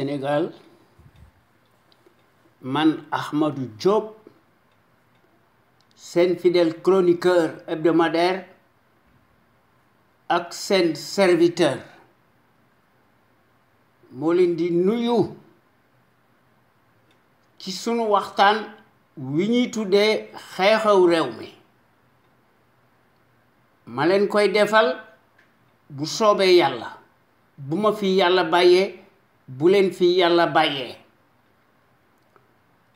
Sénégal man Ahmadou Diop saint fidèle chroniqueur hebdomadaire ak serviteur molindi nuyu qui sont nous, wi ñuy defal bu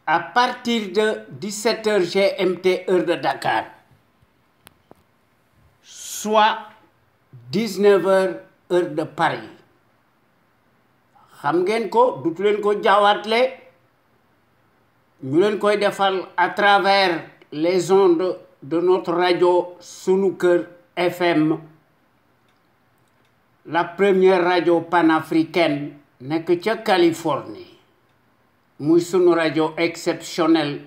à partir de 17 h GMT heure de Dakar soit 19 h heure de Paris xam ko ko à travers les ondes de notre radio Sunuker FM la première radio panafricaine nek ca Californie muy sunu radio exceptionnel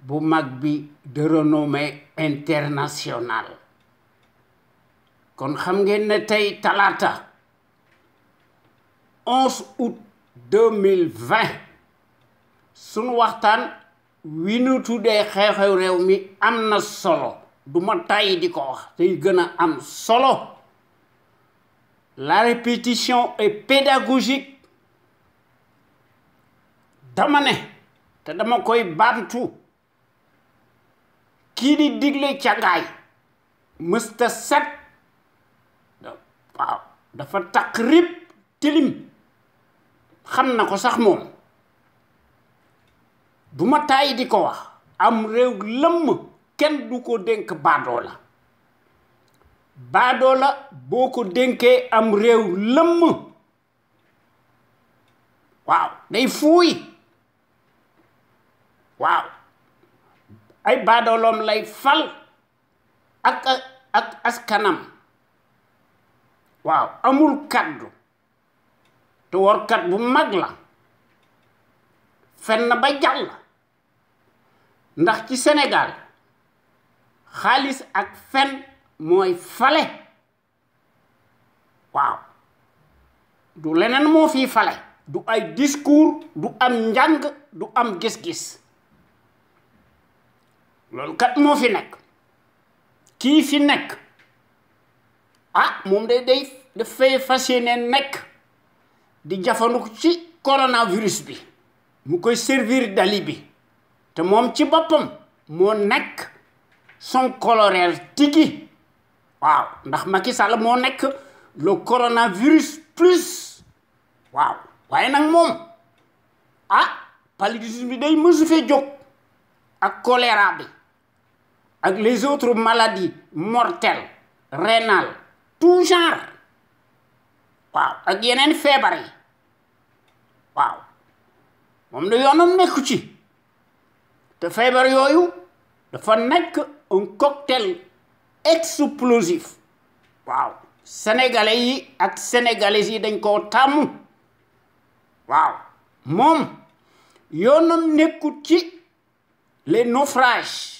bu mag bi de renommée internationale kon xam ngeen ne tey Talata, 11 août 2020 sunu waxtaan wi nu tuddee xew-xew réew mi am na solo du ma tàyyi di ko wax tey gën a am solo la répétition est pédagogique dama ne te dama koy baamtu kii di digle càngaay mësta set waaw dafa takk rib tilim xam na ko sax moom du ma tàyyi di ko wax am réew lëmm kenn du ko dénk baadoo la baadoo la boo ko dénkee am réew lëmm waaw day fuuy waaw ay baadooloom lay fal ak ak askanam Wow, amul kaddu te workat bu magla, la fen na ba jàll ndax ci Sénégal xaalis ak fen mooy fale Wow, du leneen moo fi fale du ay discours du am njàng du am gis-gis loolu kat mo fi nek ki fi nek ah moom day day de fay yéene nek di ci coronavirus bi mu koy servir d'alibi te mom ci bopam mo nek son colorel tigi waaw ndax Macky Sall moo nekk le coronavirus plus waaw waaye nak mom. ah paludisme bi day mësu ak choléra bi avec les autres maladies mortelles rénales tout genre waaw ak yeneen février. wow waaw moom da yoonam nekku ci te feebar yooyu dafa nek un cocktail explosif waaw sénégalais yi ak sénégalaises yi dañ koo wow waaw moom yoonam nekkut ci les naufrages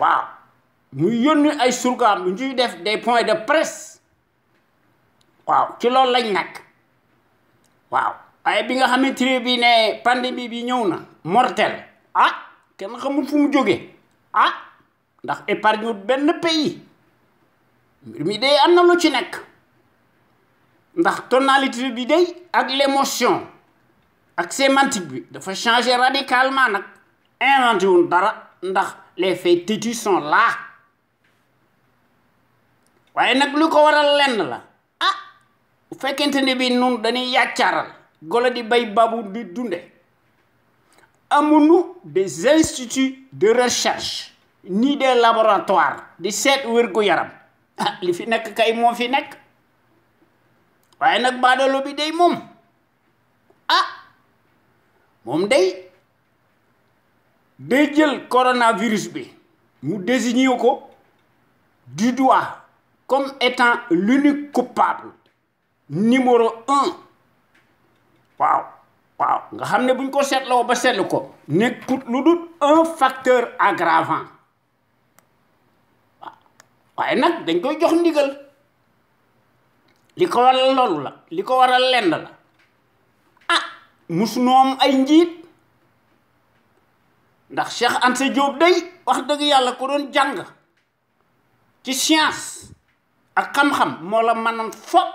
waaw des points de presse Waouh, ci loolu lañ a waaw bi nga pandémie bi mortel ah kenn xamul fu mu ah ndax épargne pays mi de tonalité l'émotion ak sémantique changer radicalement les faits têtus sont là waaye nak lu ko waral lenn la ah bu bi nun dañuy babu di Dundé, des instituts de recherche ni des laboratoires di set ou yaram ah li fi nek kay mo fi ah day jël coronavirus bi mu désigner ko du doigt comme étant l'unique coupable numéro un waaw waaw nga xamné buñ ko sétlo ba seetlu ko nek lu dul un facteur aggravant waaw waaye nak dañ koy jox ndigal li ko waral loolu la li ko waral lenn la ah musunoom ay njiit ndax Cheikh anté Diop day wax deug yalla ko doon jang ci science ak xam-xam mo la mënoon fop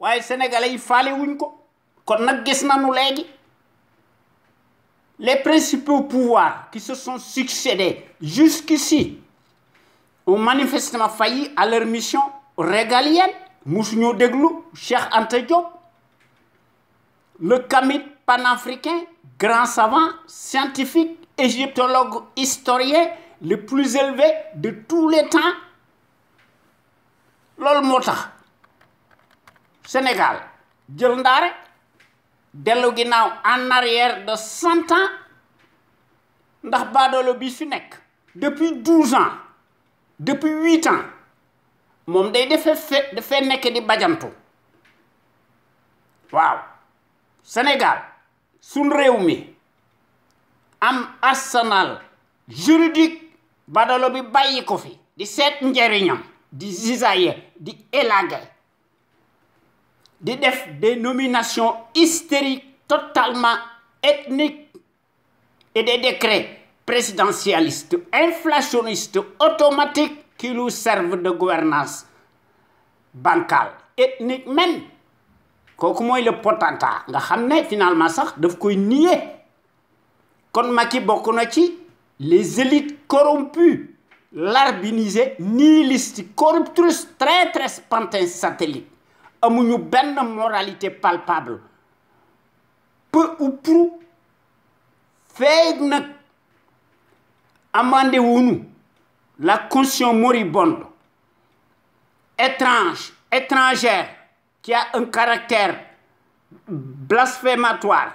waye sénégalais yi falé wuñ ko kon nak gis nañu légui les principaux pouvoirs qui se sont succédés jusqu'ici ont manifestement failli à leur mission régalienne musuñoo déglu Cheikh Anta Diop le kamit panafricain grand savant scientifique égyptologue historien le plus élevé de tous les temps. Lol Mota, Sénégal, Djelndare, Deloginao en arrière de 100 ans, de Lobisunek, depuis 12 ans, depuis 8 ans, mon dé de fait de Bajanto. Wow! Sénégal, Sunreoumi am arsenal juridique badalo bi bayiko fi di set njariñam di zizaaye di élaguer di def des nominations hystériques totalement ethniques et des décrets présidentialistes inflationnistes automatiques qui nous servent de gouvernance bancale ethnique même kokou moy le potentat nga xamné finalement sax daf koy nier kon je l'ai les élites corrompues larbinisées nihilistes corruptrices très pantins satellites une ben moralité palpable peu ou prou feigne, amende la conscience moribonde étrange étrangère qui a un caractère blasphématoire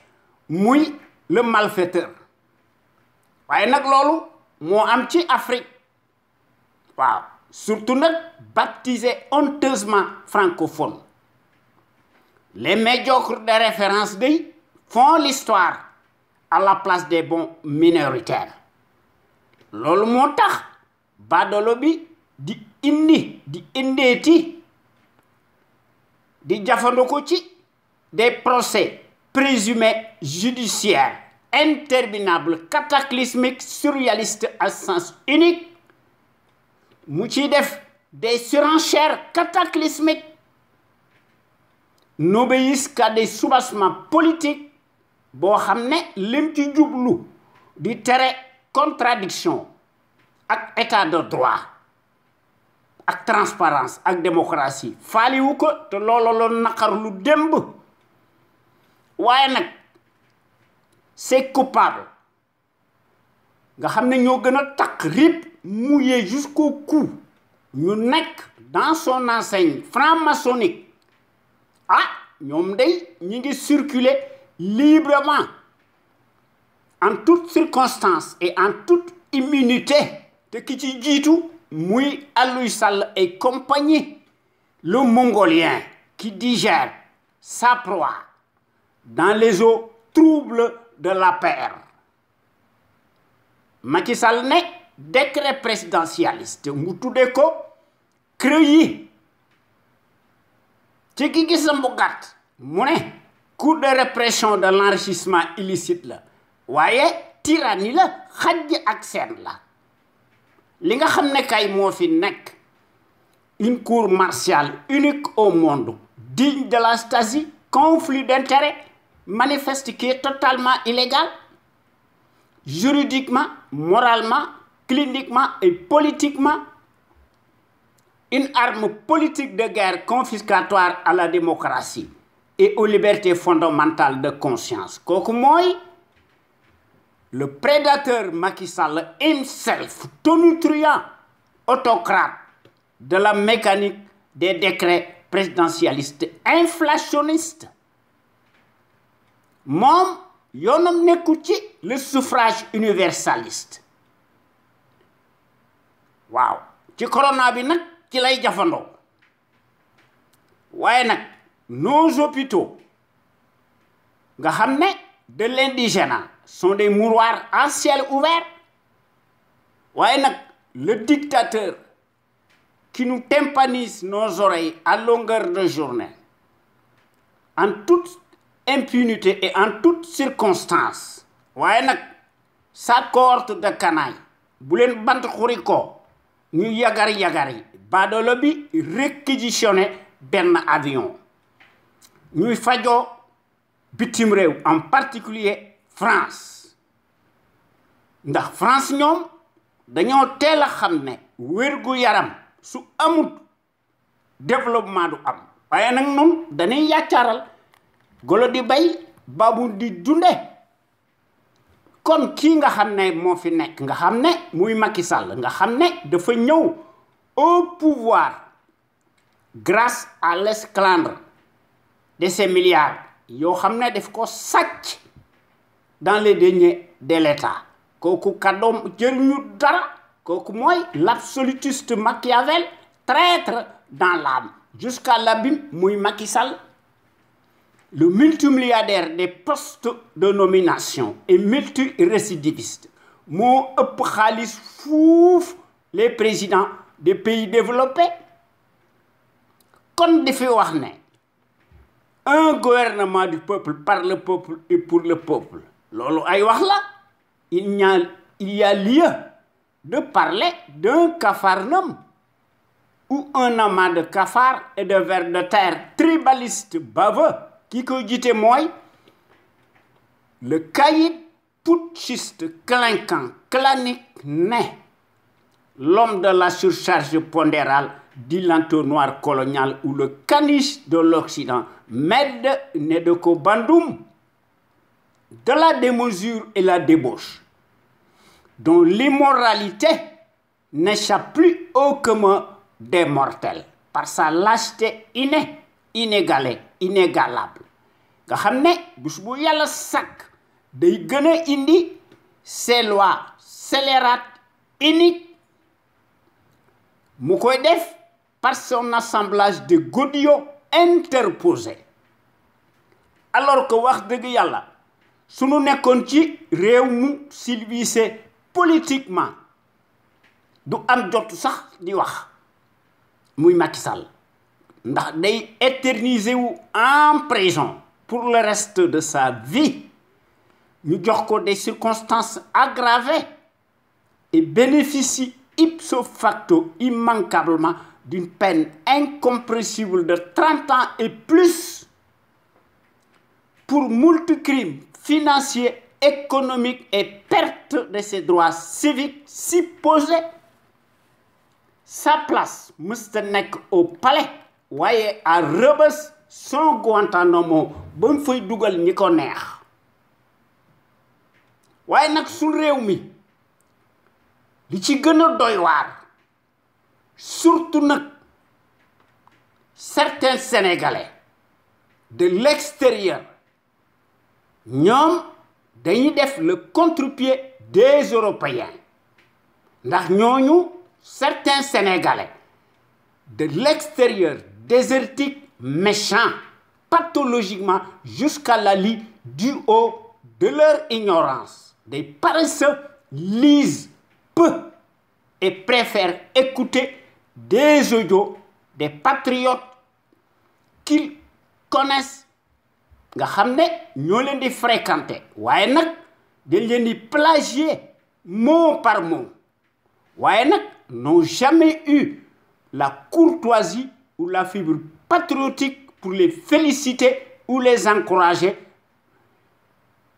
muy le malfaiteur waye voyez mo am ci Afrique Surtout, surtout baptisé honteusement francophone les médiocres de référence font l'histoire à la place des bons minoritaires loolu motax badolo bi di indi des procès présumé judiciaire interminable cataclysmique surréaliste à sens unique Mouti def des surenchères cataclysmiques n'obéissent qu'à des soubassements politiques pour ramener limti lim ci di contradiction ak état de droit ak transparence ak démocratie fali te lolo la nakar lu c'est coupable nga yoga, que nous jusqu'au cou ñu nek dans son enseigne franc-maçonnique ah circuler librement en toute circonstance et en toute immunité te ki ci Mouille muy lui Sall et compagnie le mongolien qui digère sa proie dans les eaux troubles de la paire. Macky Sall ne décret présidentialiste mu tuddee créé creux qui C'est ce gisam bu gàtt mu coup de répression de l'enrichissement illicite la voyez, tyrannie la xajj ak seen la li nga xam ne kay moo fi nekk une cour martiale unique au monde digne de la stasie, conflit d'intérêts manifeste qui est totalement illégal, juridiquement, moralement, cliniquement et politiquement. Une arme politique de guerre confiscatoire à la démocratie et aux libertés fondamentales de conscience. Kokumoy, le prédateur Macky Sall himself tonitruant autocrate de la mécanique des décrets présidentialistes inflationnistes mom yonam nekkul ci le suffrage universaliste waaw ci corona bi nak ci lay jafando waye nos hôpitaux nga xam des de l'indigène sont des mouroirs en ciel ouvert waye le dictateur qui nous tympanise nos oreilles à longueur de journée en toute impunité et en toutes circonstances Waye nak sa cohorte de canaille bu len bant xuri ko ñu yagari-yagari baadoolo bi réquisitionné ben avion ñuy fajo bitim rew en particulier France ndax France ñom dañoo teel a xam ne yaram su amut développement du am waye nak noonu dañuy yàccaaral golo di bay Babundi di dundé kon ki nga xamné mo fi nek nga xamné muy Macky Sall nga xamné au pouvoir grâce à l'esclandre de ces milliards yo xamné daf ko dans les derniers de l'État kooku kadom jëriñu dara koku moy l'absolutiste Machiavel traître dans l'âme jusqu'à l'abîme muy Macky le multimilliardaire des postes de nomination et multirécidiviste Mon les présidents des pays développés Comme des un gouvernement du peuple par le peuple et pour le peuple il y a lieu de parler d'un cafarnum ou un amas de cafards et de vers de terre tribaliste. baveux qui que dit moi, le caïd putschiste clinquant clanique né, l'homme de la surcharge pondérale dit l'entonnoir colonial ou le caniche de l'Occident, né de Bandoum, de la démesure et la débauche, dont l'immoralité n'échappe plus au commun des mortels par sa lâcheté innée inégalé inégalable nga xamné ne bis bu yàlla sàkk day gëna indi ses lois scélérates uniques mu koy def par son assemblage de godio interposé. alors que wax deug yalla suñu nekkoon ci réew mu civilisé politiquement du am jot sax di wax muy Macky Sall ndax day en prison pour le reste de sa vie ñu jox des circonstances aggravées et bénéficie ipso facto immanquablement d'une peine incompréhensible de 30 ans et plus pour multi crimes financiers, économiques et perte de ses droits civiques supposés. Sa place Mr. au palais waye a rebeus son Guantanamo ba fay dugal ñi ko neex waye nak sun rew mi li ci gëna doy war surtout nak certains sénégalais de l'extérieur ñom dañuy def le contre-pied des européens ndax ñoñu certains sénégalais de l'extérieur désertiques, méchants, pathologiquement jusqu'à la lit du haut de leur ignorance. Des paresseux lisent peu et préfèrent écouter des audios des patriotes qu'ils connaissent nga xam ils di fréquenter mot par mot waye n'ont jamais eu la courtoisie pour la fibre patriotique, pour les féliciter ou les encourager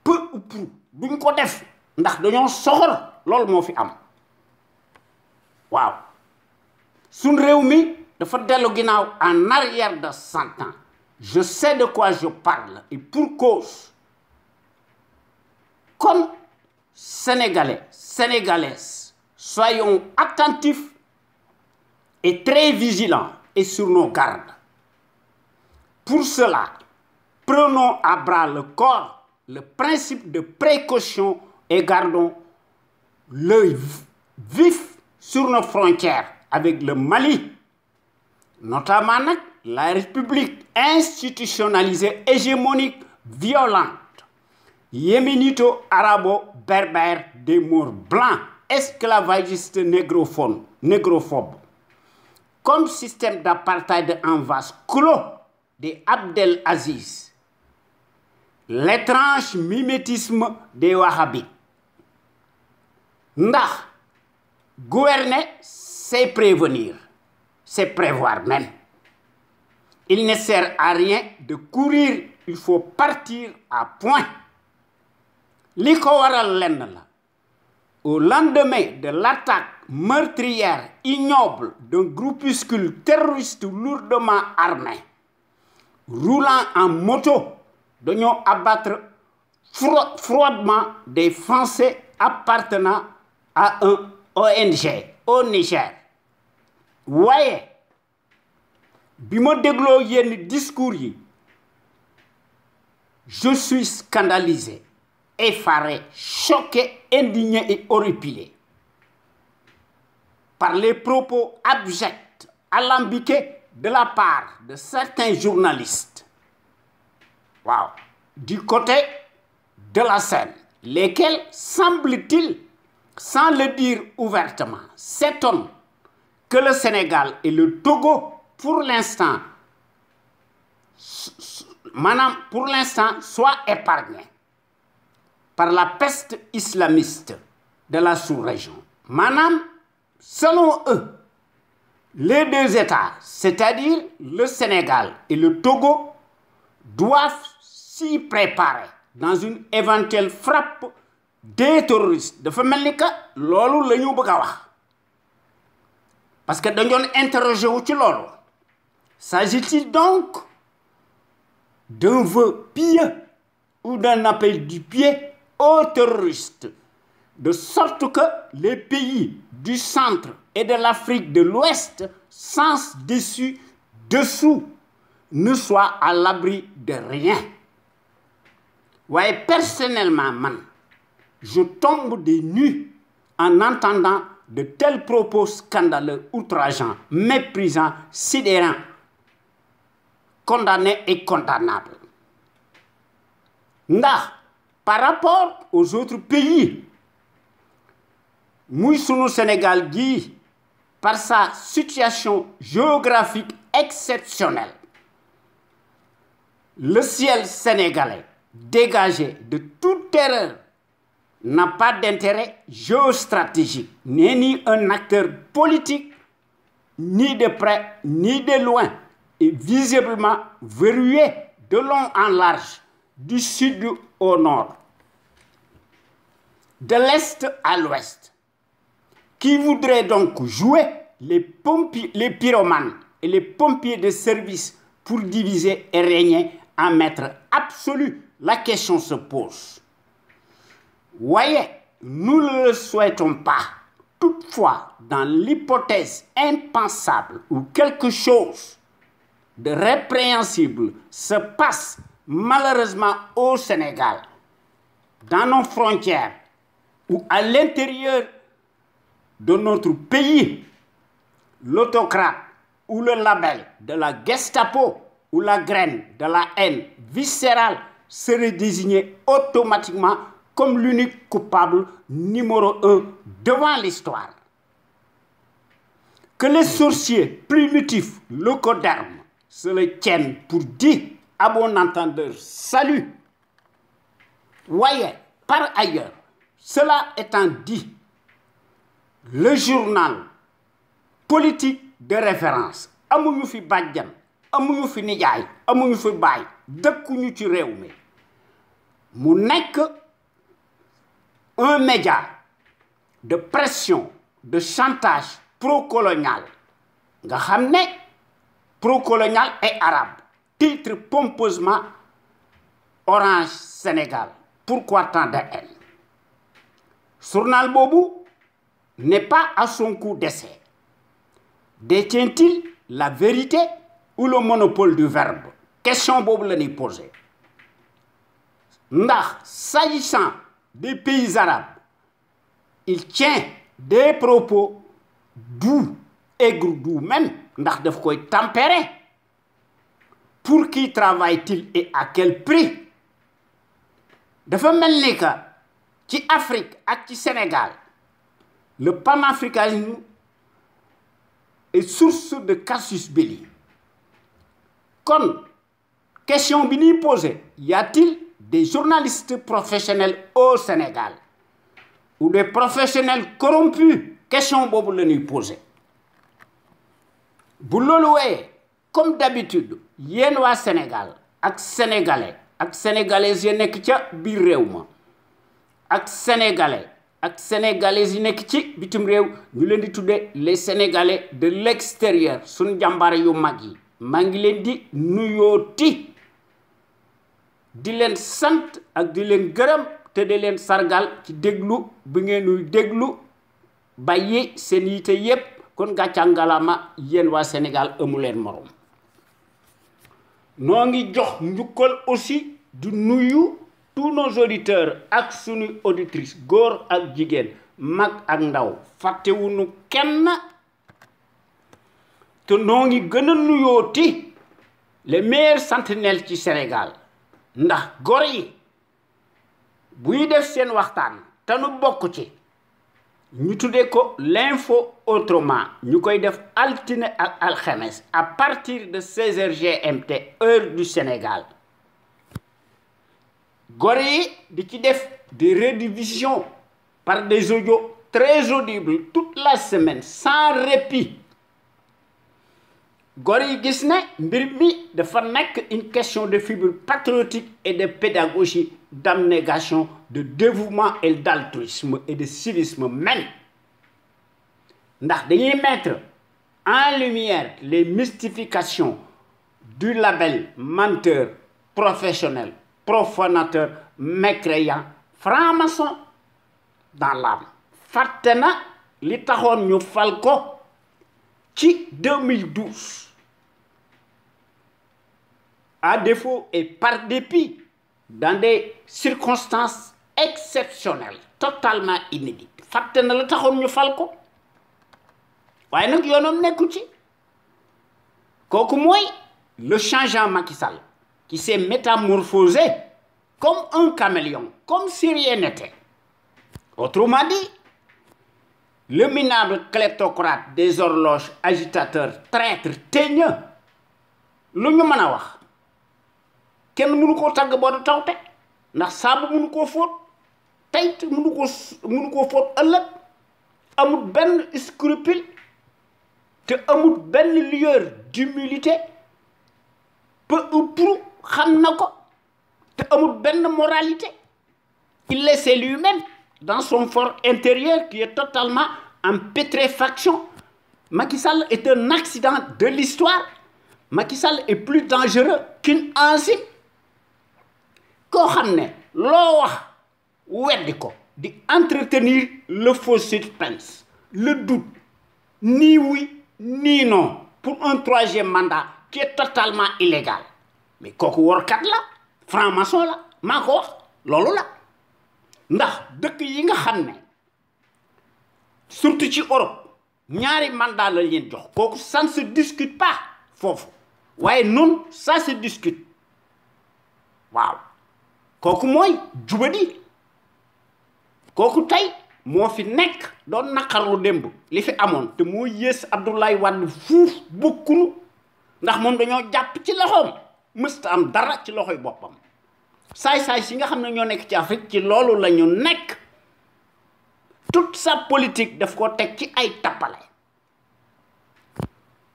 peu ou prou ko def ndax dañoo soxor loolu un. fi am waaw mi en arrière de 100 ans je sais de quoi je parle et pour cause comme sénégalais sénégalaises soyons attentifs et très vigilants et sur nos gardes. Pour cela, prenons à bras le corps le principe de précaution et gardons l'œil vif sur nos frontières avec le Mali, notamment la République institutionnalisée, hégémonique, violente, yéménito-arabo-berbère des morts blancs, esclavagistes négrophobes comme système d'apartheid en vase clos de Abdelaziz, Aziz, l'étrange mimétisme des Wahhabis. gouverner, c'est prévenir, c'est prévoir même. Il ne sert à rien de courir, il faut partir à point. Li ko au lendemain de l'attaque meurtrière ignoble d'un groupuscule terroriste lourdement armé roulant en moto nous abattre froidement des Français appartenant à un ONG au Niger voyez, voyez, discours je suis scandalisé effaré choqué indigné et horripilé par les propos abjects, alambiqués de la part de certains journalistes. Du côté de la scène, lesquels, semble-t-il, sans le dire ouvertement, s'étonnent que le Sénégal et le Togo, pour l'instant, Madame, pour l'instant, soit épargnés par la peste islamiste de la sous-région. Madame, Selon eux, les deux États, c'est-à-dire le Sénégal et le Togo, doivent s'y préparer dans une éventuelle frappe des terroristes de que la parce que dañ interrogé s'agit-il donc d'un vœu pieux ou d'un appel du pied aux terroristes de sorte que les pays du centre et de l'Afrique de l'Ouest, sans dessus, dessous, ne soient à l'abri de rien. Ouais, personnellement, je tombe des nues en entendant de tels propos scandaleux, outrageants, méprisants, sidérants, condamnés et condamnables. Là, par rapport aux autres pays, muy Sénégal guy par sa situation géographique exceptionnelle le ciel sénégalais dégagé de toute terreur n'a pas d'intérêt géostratégique ni un acteur politique ni de près ni de loin et visiblement verrouillé de long en large du sud au nord de l'est à l'ouest qui voudrait donc jouer les, pompiers, les pyromanes et les pompiers de service pour diviser et régner en maître absolu. La question se pose. Voyez, nous ne le souhaitons pas. Toutefois, dans l'hypothèse impensable où quelque chose de répréhensible se passe malheureusement au Sénégal, dans nos frontières ou à l'intérieur de notre pays, l'autocrate ou le label de la Gestapo ou la graine de la haine viscérale serait désigné automatiquement comme l'unique coupable numéro un devant l'histoire. Que les sorciers primitifs, d'armes se le tiennent pour dire à bon entendeur salut. Voyez, par ailleurs, cela étant dit, le journal politique de référence amuñu fi bàjjan amuñu fi nijaay amuñu fi baay un média de pression de chantage pro-colonial, xam pro-colonial et arabe titre pompeusement Orange Sénégal pourquoi tant de haine journal Bobu n'est pas à son coup d'essai. Détient-il la vérité ou le monopole du verbe Question que la ñuy posé s'agissant des pays arabes il tient des propos doux et doux même ndax daf koy tempérer pour qui travaille-t-il et à quel prix dafa mel qui que l'afrique, Afrique le Sénégal le panafricanisme est source de casus belli Comme question bini posée, y a-t-il des journalistes professionnels au Sénégal ou des professionnels corrompus question que le nuit poser? bu comme d'habitude au Sénégal ak sénégalais ak sénégalaises Sénégalais, les sénégalais ak sénégalais yi nekk ci bitim réew ñu leen di tuddee les sénégalais de l'extérieur suñu jàmbaare yu mag yi maa ngi leen di ti di leen sant ak di leen gërëm te di leen sargal ci déglu bi ngeen nuy déglu bàyyi seen yite yépp kon gàcca ngalaama yéen waa Sénégal amu leen morom noo ngi jox njukkal aussi di nuyu tous nos auditeurs ak suñu auditrice gor ak jigéen mag ak ndaw fàttewuñu kenn te noo ngi nuyooti les meilleurs sentinelles ci Sénégal ndax gor yi buy def seen waxtaan te nu bokk ci ñu tuddee ko l'info autrement ñu koy def altine ak à partir de 16h GMT heure du Sénégal Gorille de di ci des rédivisions par des audios très audibles toute la semaine sans répit Gorille yi gis ne une question de fibre patriotique et de pédagogie d'abnégation de dévouement et d'altruisme et de civisme même ndax dañuy mettre en lumière les mystifications du label menteur professionnel profanateur mécréant franc-maçon dans l'âme Fatena, létat li taxoon ñu 2012 à défaut et par dépit dans des circonstances exceptionnelles totalement inédites Fatena, la vous ñu Voyez ko vous avez dit nekku ci le changement Macky il s'est métamorphosé comme un caméléon, comme si rien n'était. Autrement dit, le minable kleptocrate des horloges, agitateur, traître, teigneux, mieux ñu mën a wax kenn mënu koo tagg de du tawte ndax saabu mënu koo fóot tey mënu koo mënu koo à ëllëg amul ben scrupule te amul ben lueur d'humilité peu ou prou te moralité il laisse lui-même dans son fort intérieur qui est totalement en pétréfaction Macky Sall est un accident de l'histoire Macky Sall est plus dangereux qu'une enzyme ko xam lo wax entretenir le faux suspense le doute ni oui ni non pour un troisième mandat qui est totalement illégal mais kooku workat la franc-maçon la mako ko wax loolu la ndax deuk yi nga xamné surtout ci Europe ñaari mandat la leen jox kooku ça ne se discute pas foofu waye non ça se discute waaw kooku moy jubadi kooku tay mo fi nek do nakarlu demb li fi amone te mo yées Abdoulaye Wade fouf bokkunu ndax moom dañu japp ci loxom mësta am dara ci loxoy boppam saay-saay si nga xam ne ñoo nekk ci Afrique ci loolu la ñu nekk toute sa politique daf ko teg ci ay tappale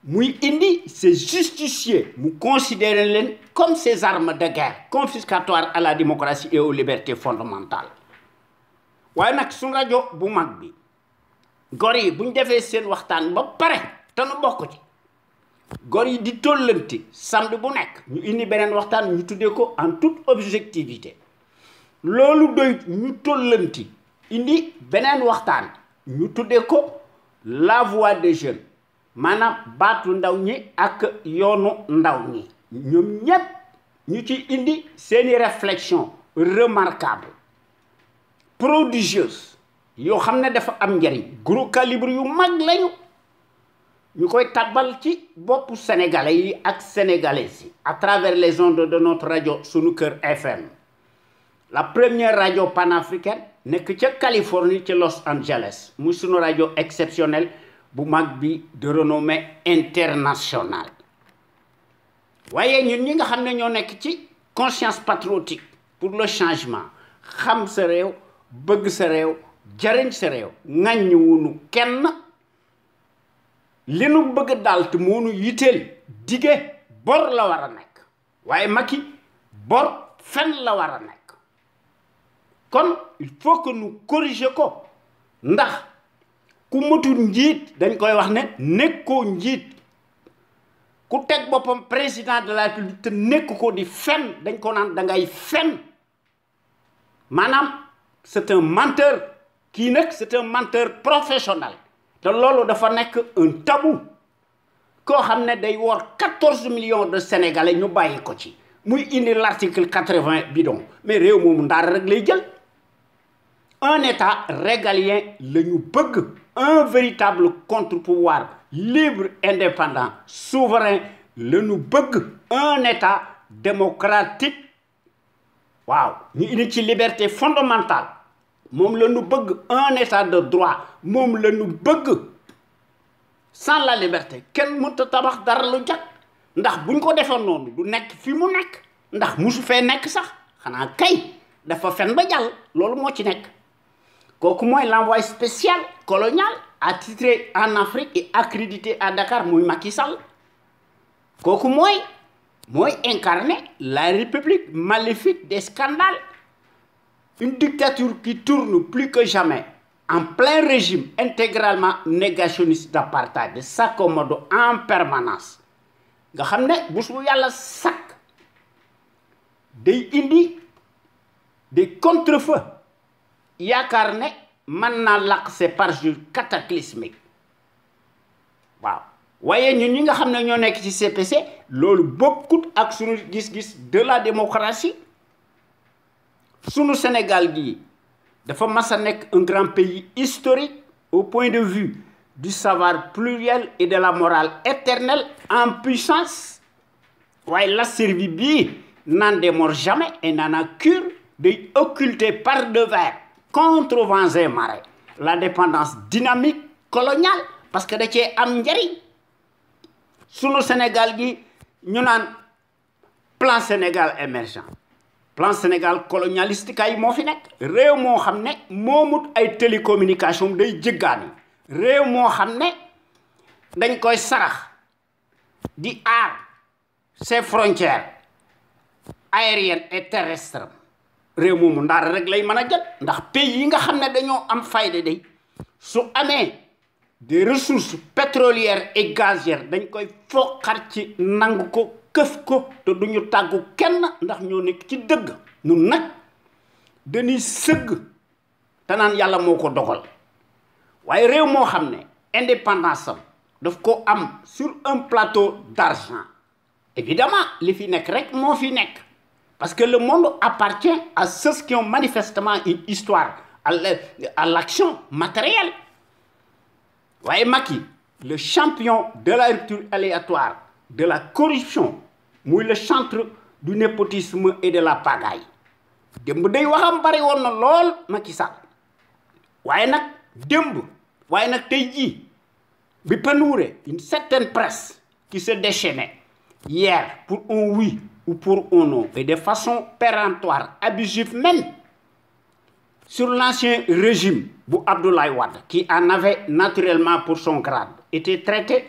muy indi ces justiciers mu considérer leen comme ces armes de guerre confiscatoires à la démocratie et aux libertés fondamentales waaye nag sun rajo bu mag bi gor yi buñ defee seen waxtaan ba pare tanu nu bokk ci Gori yi di tollanti samedi bu nekk ñu indi beneen waxtaan ñu tuddee ko en toute objectivité loolu doy ñu tollanti indi beneen waxtaan ñu tuddee ko la voix des jeunes maanaam baatu ndaw ñi ak yoonu ndaw ñi ñoom ñépp ñu ci indi seeni réflexion remarquable prodigieuse yoo xam ne dafa am njariñ gros calibre yu mag lañu nous koy tabal ci les sénégalais et ak sénégalaises à travers les ondes de notre radio sunu FM la première radio panafricaine nek en Californie ci Los Angeles Nous sunu radio exceptionnel bu mag bi de renommée internationale waaye ñun ñi nga xamné ñoo ci conscience patriotique pour le changement xam sa rew, bëgg sa réew jariñ sa réew ŋàññiwunu kenn li nu bëgg daal te moo nu yitteel dige bor la wara nek waye maki bor fen la wara nek kon il faut que nous corriger ko ndax ku mutul njiit dañ koy wax ne ko ku bopam président de la république te nekk ko di fen dañ ko naan da ngay fen Manam, c'est un menteur qui nag c'est un menteur professionnel te loolu dafa un tabou Il y a 14 millions de sénégalais ñu bàyyi ko ci muy indi l'article 80. bidon mais ils moomu ndaara rek lay un état régalien le un véritable contre-pouvoir libre indépendant souverain le un état démocratique waaw ñu indi une liberté fondamentale moom la ñu bëgg un état de droit Sans la ñu bëgg sans la liberté kenn mënta tabax dara lu ndax buñ ko defoon noonu du nekk fi mu nekk ndax musu nekk sax xanaa kay dafa fen ba jàll ci nekk spécial colonial attitré en Afrique et accrédité à Dakar muy Macky kooku la république maléfique des scandales une dictature qui tourne plus que jamais en plein régime intégralement négationniste d'apartheid de s'accommode en permanence nga xamné Vous bés bu sac day indi des contrefeux... feux yaakaar ne mën par jour cataclysmique waaw Waye ñun ñi nga xamné ñoo nekk ci CPC lolu bokkut ak suñu gis-gis de la démocratie le Sénégal il un grand pays historique au point de vue du savoir pluriel et de la morale éternelle en puissance la Syrie n'en démord jamais et n'en a cure d'occulter occulter par devers contre vents et la dépendance dynamique coloniale parce que da un am sous le Sénégal gi plan Sénégal émergent plan Sénégal colonialiste kay mo fi nek rew mo xamné ne ay télécommunication day jëggaani rew mo xamné dañ koy sarax di ar ses frontières aériennes et terrestres mo mu ndaara rek lay mëna a ndax pays yi nga xamné dañoo am fayda day su amé des ressources pétrolières et gazières dañ koy foqar ci nangu ko keuf ko te duñu tagu kenn ndax ñoo nekk ci dëgg nag dañuy sëgg te naan yàlla dogal am sur un plateau d'argent évidemment li fi nekk rek parce que le monde appartient à ceux qui ont manifestement une histoire à l'action matérielle waaye Macky le champion de la rupture aléatoire de la corruption est le chantre du népotisme et de la pagaille démb day waxam bari woon na qui Macky Sall waaye nag démb waaye nag tey une certaine presse qui se déchaînait hier pour un oui ou pour un non et de façon péremptoire abusive même sur l'ancien régime bu Abdoulaye Wade qui en avait naturellement pour son grade était traité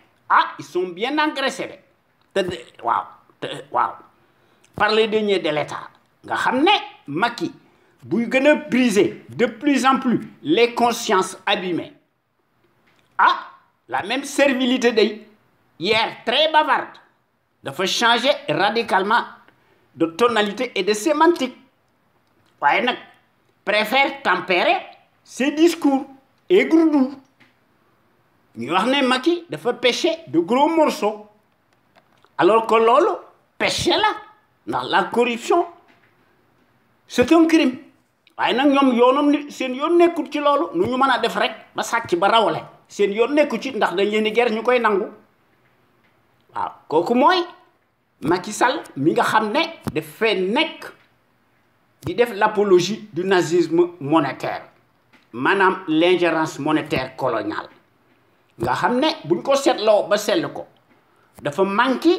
ah ils sont bien engraissés de waouh. par les derniers de l'État nga savez, Maki, qui briser de plus en plus les consciences abîmées ah la même servilité de hier très bavarde faire changer radicalement de tonalité et de sémantique Ouais, préfère tempérer ses discours et nous avons fait pêcher de gros morceaux alors que lolo pêché la la corruption c'est un crime waaye nous avons yoonam seen yoon nous ci avons nu ñu avons une def rek ba sàcc ba seen des ci ndax dañ leen di nangu l'apologie du nazisme monétaire Madame l'ingérence monétaire coloniale nga xam buñ ko sétlo ba sell ko dafa manki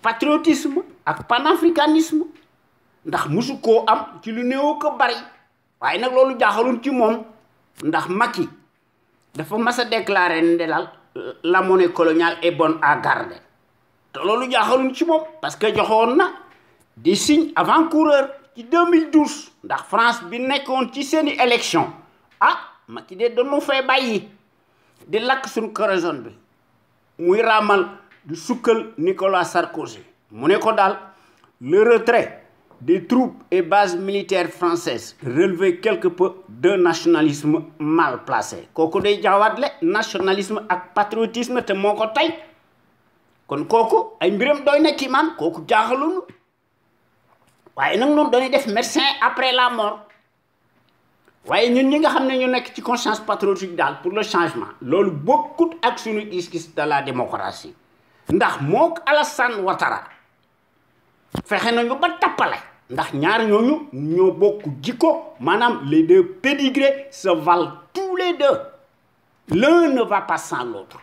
patriotisme ak panafricanisme ndax musu ko am ci lu néew ko bari waye nak lolu jaaxalul ci mom ndax Macky dafa massa déclarer déclaré ne la monnaie coloniale est bonne à garder té lolu jaaxalul ci mom parce que joxon na des signes avant-coureurs ci 2012 ndax France bi nekkoon ci seeni élection ah Macky de dañu fay bàyyi di lakk suñ corazon bi muy ramal di sukkal Nicolas Sarkozy mu ne ko daal le retrait des troupes et bases militaires françaises relevait quelque peu d'un nationalisme mal placé de day le nationalisme ak patriotisme te mon tay kon koku ay mbiram doy nek imam man kooku waye nak non noonu def médecin après la mort waaye ñun ñi nga conscience patriotique pour le changement loolu ce de la démocratie ndax mok Alassane Ouattara fexé nañu ba les deux pédigrés se valent tous les deux l'un ne va pas sans l'autre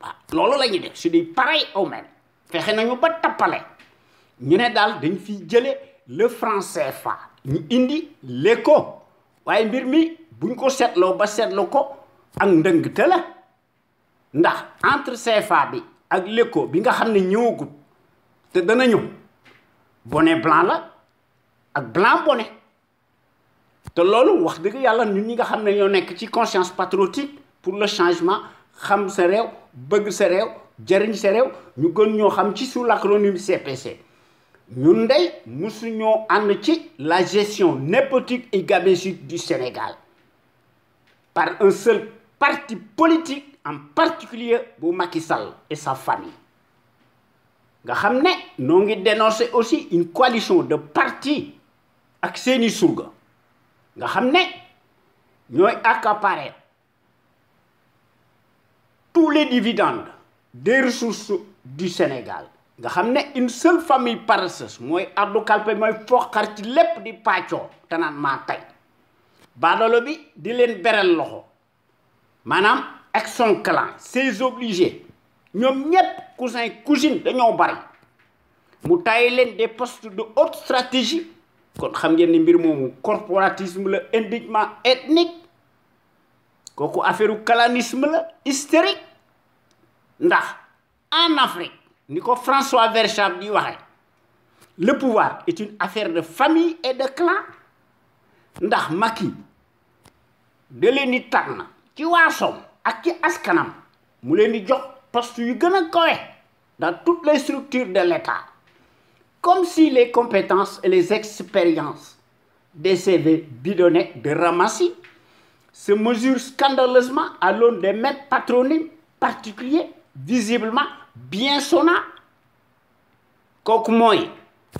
C'est ce que def pareil au même fexé nañu le français indi l'écho waaye mbir mi buñ ko seetloo ba ko ak ndëng entre CFA bi ak l'éco e bi nga xam ne Ils te dana bonnet blanc la ak blanc bonnet te loolu wax dëgg yàlla ñun nga ne conscience patriotique pour le changement xam sa bëgg sa sa ñu gën sous l'acronyme CPC nous, avons dénoncé la gestion népotique et gabésique du Sénégal par un seul parti politique en particulier pour Makissal et sa famille Nous savez, nous aussi une coalition de partis avec surga nga accaparé tous les dividendes des ressources du Sénégal nga ne une seule famille paresseuse moi, addu kalpe moi, fort ci lépp di pàccoo ma tête, maa tey baadolo bi di leen berel loxo Manam, avec son clan ses obligés ñoom cousins et cousines de bari mu tayi leen des postes de haute stratégie kon xam ngeen ni mbir le corporatisme le indignement ethnique kooku affaire le calanisme la hystérique en Afrique Nico François Verchard. le pouvoir est une affaire de famille et de clan ndax sommes de ci wasom ak ci dans toutes les structures de l'État comme si les compétences et les expériences des CV bidonnés de Ramassi se mesurent scandaleusement à l'aune des mêmes patronymes particuliers visiblement bien sonna kooku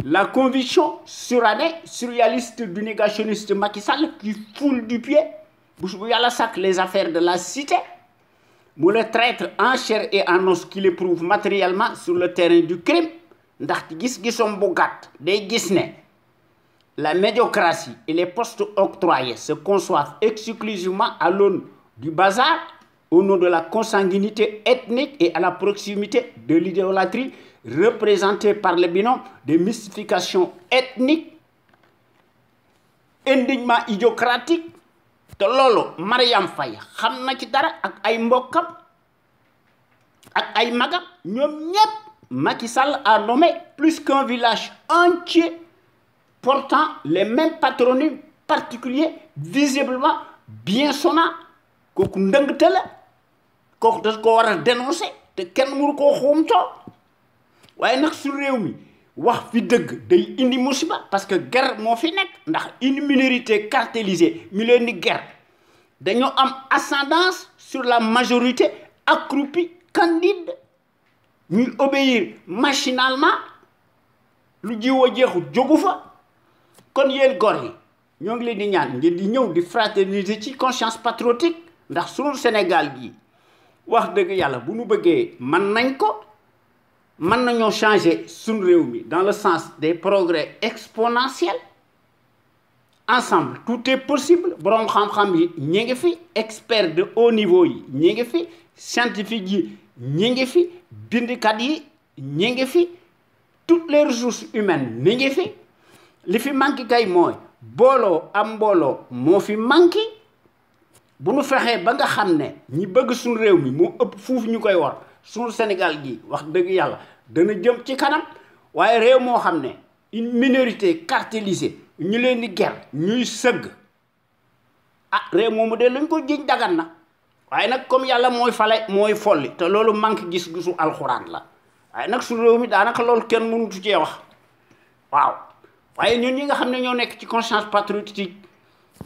la conviction surannée surréaliste du négationniste Macky Sall qui foule du pied vous à la les affaires de la cité pour le traître en chair et en os qui l'éprouve matériellement sur le terrain du crime d'artigis la médiocratie et les postes octroyés se conçoivent exclusivement à l'aune du bazar au nom de la consanguinité ethnique et à la proximité de l'idéolatrie représentée par les binôme des mystifications ethniques indignement idiocratique te l'olo Mariam Faye ak ay ak ay a nommé plus qu'un village entier portant les mêmes patronymes particuliers visiblement bien sonnants kooku kooku dañ ko waral dénoncer te kenn mënu ko xuumtoo waye nak su réew mi wax fi deug day indi musiba parce que guerre mo fi nek ndax une minorité cartélisée mi leen guerre dañu am ascendance sur la majorité accroupie candide mil obéir machinalement lu jiwo jexu jógu fa kon yeen gor yi ñoo ngi leen di ñaan ngeen di ñëw di fraterniser ci conscience patriotique ndax sunu Sénégal gii wax deug yalla bu nu bëggee mën nañ ko man nañu changer sun réew mi dans le sens des progrès exponentiels ensemble tout est possible borom xam-xam yi ñi ngi fi expert de haut niveau yi ñi ngi fi scientifique yi ñi ngi fi bindikat yi ñi ngi fi toutes les ressources humaines ñi ngi fi li fi manki kay moy bolo am bolo mo fi manki bu nu ba nga xamné ñi bëgg suñu réew mi mo war suñu Sénégal gi wax dëgg yàlla dana jëm ci une minorité cartélisée ñu leen di ger ñuy sëgg ah réew de ko dagan na waaye comme yàlla mooy fale folli manque gis-gisu la réew mi loolu conscience patriotique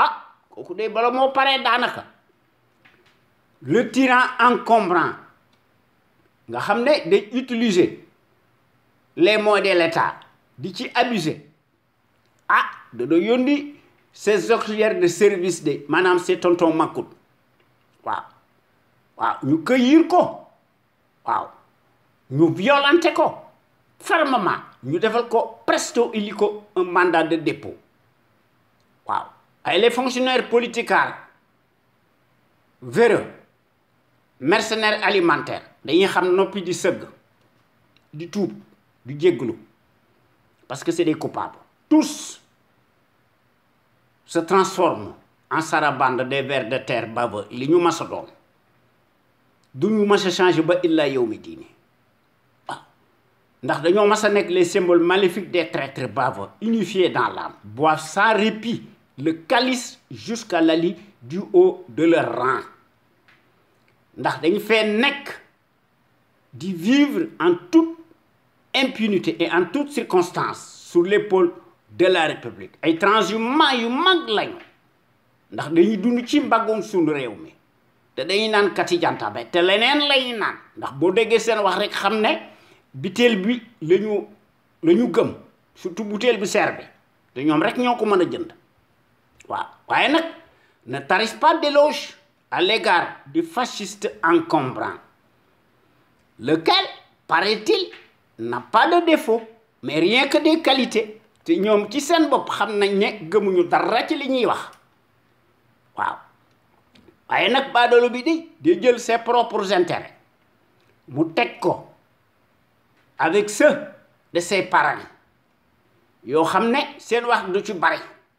ah kooku de bala moo d'anaka. daanaka le tyran encombrant nga xam de utiliser les moyens de l'État di ci abuser ah da doon yónni ses auxiliaires de service de maanaam c'est tonton makout. waaw waaw ñu cueillir ko waaw ñu violenter ko fermement ñu defal ko presto illico un mandat de dépôt waaw et les fonctionnaires politiques véreux mercenaires alimentaires dañuy xam noppi di du tout, du du jégglu parce que c'est des coupables tous se transforment en sarabande des vers de terre baveux Ils ne sont pas doon du ñu mas changé ba illaa yow mi les symboles maléfiques des traîtres baveux unifiés dans l'âme boivent sans répit le calice jusqu'à la du haut de leur rang ndax dañ le vivre en toute impunité et en toutes circonstances sur l'épaule de la république ay transhumants yu mag de ndax dañuy dund ci mbaggum suñu réew mi te dañuy naan katijanta bay te leneen lañuy naan ndax bo déggee sen wax rek bi lañu gëm surtout bouteille bi Ils rek ñoko mëna jënd ne tarisse pas d'éloge à l'égard du fasciste encombrant lequel paraît-il n'a pas de défaut mais rien que des qualités de ñoom ci ses propres intérêts avec ceux de ses parents yoo xam ne wax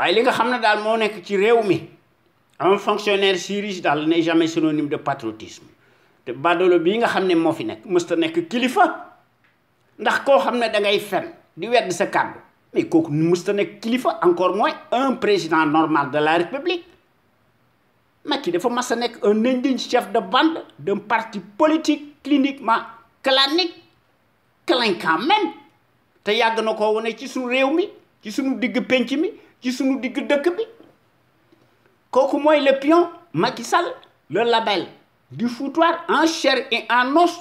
waaye li nga xam ne daal moo nekk ci réew mi un fonctionnaire si n'est jamais synonyme de patriotisme te badolo bii nga xam ne moo fi nekk mësta nekk kilifa ndax koo xam ne da ngay fen di wedd sa kàddu mais kooku mësta nekk kilifa encore moins un président normal de la république Macky dafa mas a nekk un indigne chef de bande d'un parti politique cliniquement clanique clinquant même te yàgg na koo wane ci suñu réew mi ci suñu digg penc mi qui sont digg que bi le pion le label du foutoir en chair et en os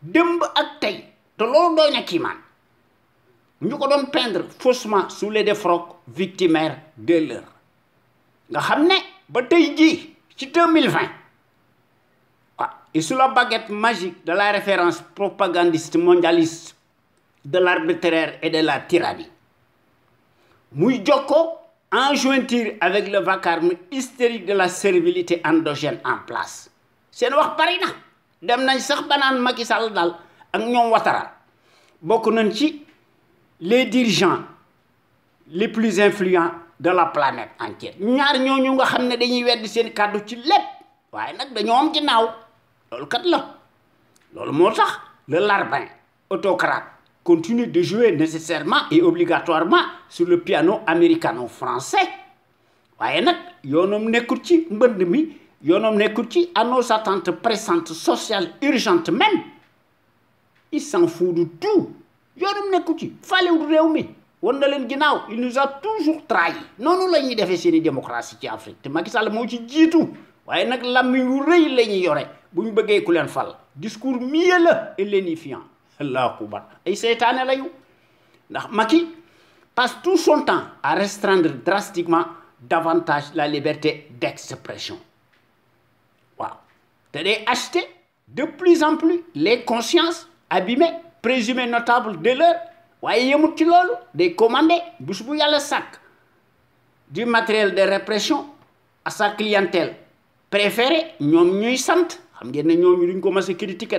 de ak tay, te qui de na ñu peindre faussement sous les défroques victimaires de l'heure nga savons ne ba 2020 ah, et sous la baguette magique de la référence propagandiste mondialiste de l'arbitraire et de la tyrannie muy jokkoo en avec le vacarme hystérique de la servilité endogène en place C'est wax parina. dem nañ sax banaan Macky Sall daal ak ñom watara. Bokku nañ ci les dirigeants les plus influents de la planète entière ñaar ñooñu nga xamne dañuy weddi seen kàddu ci lépp Waye nak dañu am ginnaaw loolu kat la loolu moo tax le larbin autocrate continue de jouer nécessairement et obligatoirement sur le piano américano-français waaye nag yoonam nekkul ci mbënd mi yoonam ci à nos attentes pressantes sociales urgentes même il s'en fout de tout yoonam nekkul ci faalewul réew mi wan il nous a toujours trahi noonu la ñuy defee la démocratie ci Afrique te Macky Sall moo ci jiitu waaye nag làmmiñ wu rëy la ñuy yore bu ñu fal discours miel et lénifiant et ay un élément. ndax passe tout son temps à restreindre drastiquement davantage la liberté d'expression waaw T'as acheté de plus en plus les consciences abîmées présumées notables de leur waaye yemut ci loolu day commander du matériel de répression à sa clientèle préférée nous, ñuy sant xam critiquer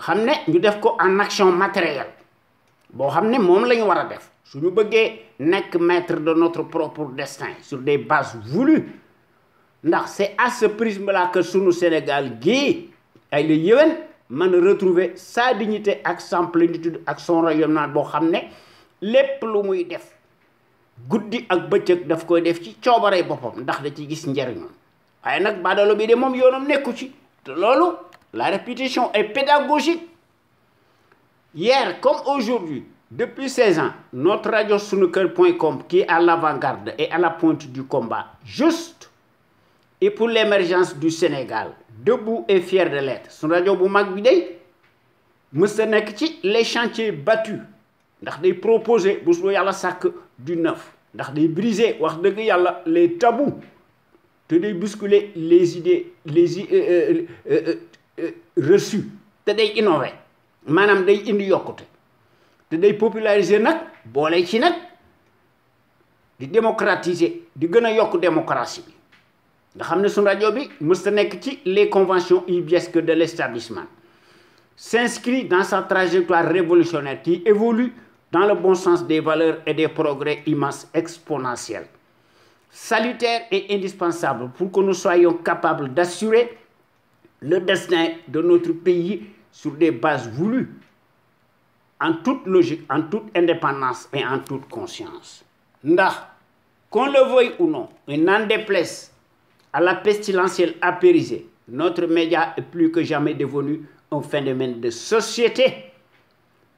xam ñu def ko en action matérielle bo xam mom lañu wara def suñu bëggé nek maître de notre propre destin sur des bases voulues ndax c'est à ce prisme là que suñu Sénégal gii ay le yewen man retrouver sa dignité ak sa plénitude ak son rayonnement bo xam ne lépp lu muy def guddi ak bëcëk daf koy def ci coobaree boppam ndax da ci gis njëriñam waaye nag badalo bi de mom yoonam nekku ci te loolu la répétition est pédagogique. Hier comme aujourd'hui, depuis 16 ans, notre radio Sounoker.com, qui est à l'avant-garde et à la pointe du combat, juste et pour l'émergence du Sénégal, debout et fier de l'être. Son radio vous mag bi les chantiers battus ndax day proposer bu le sac du neuf ndax briser les tabous te day bousculer les idées les euh, euh, euh, reçu te day innové manam day indi yokuté te day populariser nak bolé ci nak di démocratiser di gëna a démocratie bi nga xamné sun radio les conventions que de l'établissement s'inscrit dans sa trajectoire révolutionnaire qui évolue dans le bon sens des valeurs et des progrès immenses exponentiels salutaire et indispensable pour que nous soyons capables d'assurer le destin de notre pays sur des bases voulues, en toute logique, en toute indépendance et en toute conscience. Nda, qu'on le veuille ou non, et n'en déplaise à la pestilentielle apérisée, notre média est plus que jamais devenu un phénomène de société.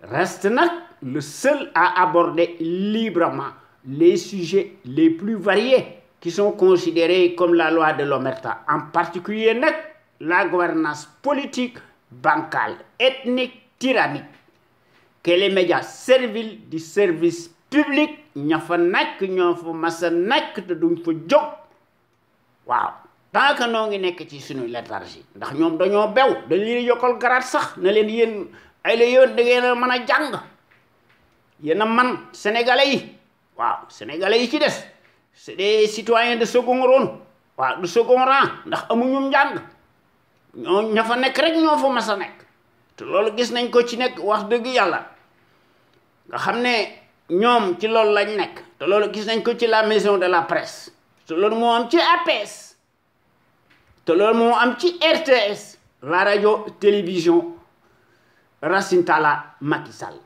Reste le seul à aborder librement les sujets les plus variés qui sont considérés comme la loi de l'omerta, en particulier net, la gouvernance politique, bancale, ethnique, tyrannique, que les médias serviles du service public ña fa nekk ñoo fa masa nekk te duñ fa jóg waaw tant que noo ngi nekk ci suñu léthargie ndax ñoom dañoo bew dañ leen yokkal garaat sax na leen yéen ay la yoon da ngeen a mën a jàng yéen a man sénégalais yi waaw sénégalais yi ci des c'est des citoyens de second rang waaw de second rang ndax amuñu njàng ña fa nek rek ñoo fa mas a nekk te loolu gis nañ ko ci nek wax dëgg yàlla nga xam ne ñoom ci loolu lañ nekk te loolu gis nañ ko ci la maison de la presse te loolu moo am ci APS te loolu moo am ci RTS la radio télévision Racine Talla Macky Sall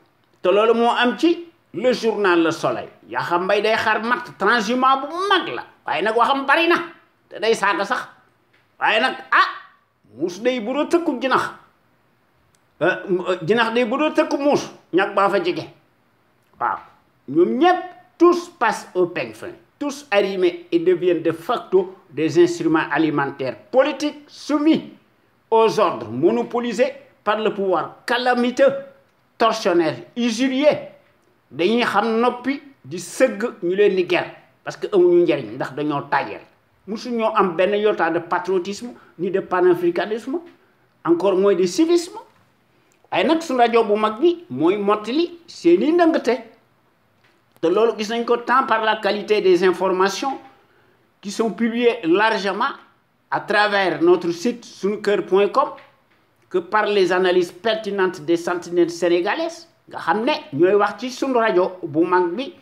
te loolu moo am ci le journal Le Soleil yaa xam bay day xar mat transhumant bu mag la waaye nag waxam bari na te day saaga sax waaye nag ah nous day tous passent au peigne tous arrimés et deviennent de facto des instruments alimentaires politiques soumis aux ordres monopolisés par le pouvoir calamiteux tortionnaire usurier dañuy xam di ñu parce que sont njariñ ndax dañoo nous am en yotaa de patriotisme ni de panafricanisme encore moins de civisme ay nag su radio bu mag bi mooy c'est ni ndëngte te fait. Nous nañ ko tant par la qualité des informations qui sont publiées largement à travers notre site sunuker.com que par les analyses pertinentes des sentinelles sénégalaises Nous avons ne la radio ci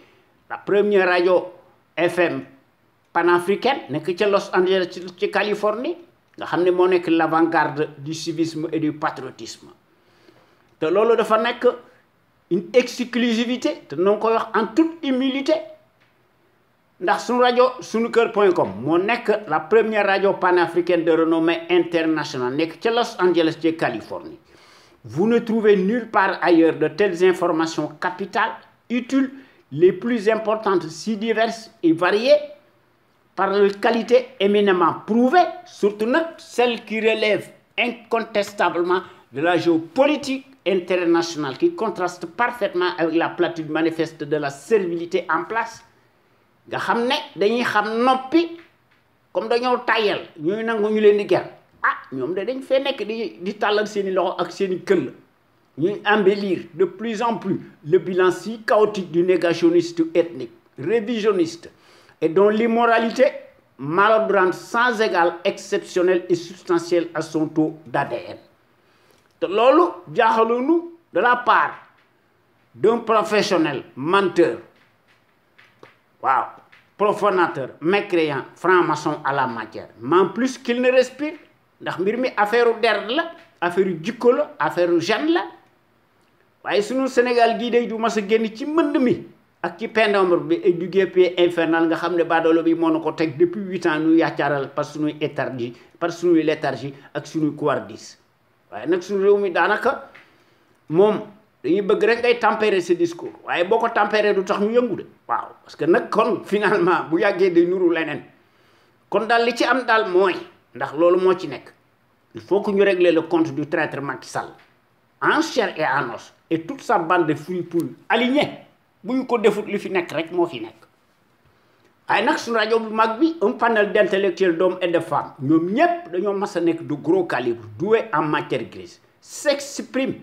la première radio FM panafricaine nek ci Los Angeles ci Californie nga l'avant-garde du civisme et du patriotisme te dafa une exclusivité te en toute humilité ndax son radio suñu la première radio panafricaine de renommée internationale nek Los Angeles ci Californie vous ne trouvez nulle part ailleurs de telles informations capitales utiles les plus importantes si diverses et variées par leur qualité éminemment prouvée, surtout celle qui relève incontestablement de la géopolitique internationale, qui contraste parfaitement avec la platitude manifeste de la servilité en place. nga xam ne dañuy xam noppi comme dañoo tàyyal ñuy nous ñu leen les ah ñoom de dañ fee di di fait, ak embellir de plus en plus le bilan si chaotique du négationniste ethnique révisionniste et dont l'immoralité malbran sans égal, exceptionnelle et substantielle à son taux d'ADN te de la part d'un professionnel menteur profanateur mécréant franc-maçon à la matière mais plus qu'il ne respire ndax mbir affaire d'air, la affaire affaire la nous sunu Sénégal du mas a ci ak ci pénombre bi du guéppier infernal nga xamne badolo bi moo na ko teg depuis 8 ans ñu yàccaaral parce suñuy éthargie parce suñuy léthargie ak suñuy couardise waaye nak suñu réew mi daanaka moom dañuy bëgg rek ngay tempérer ce discours waaye boko tempérer du tax ñu yëngu de waaw parce que nak kon finalement bu yagge day nuru lenen kon dal li ci am dal moy ndax lolu mo ci nekk il faut que ñu régler le compte du traître Macky Sall en chair et en os et toute sa bande de fripouilles alignée buñ ko defut li fi nekk rek moo fi nekk waaye nag suñu rajo bu mag bi un panel d'intellectuels d'hommes et de femmes ñoom ñëpp dañoo mas a nekk de gros calibre doués en matière grise s'exprime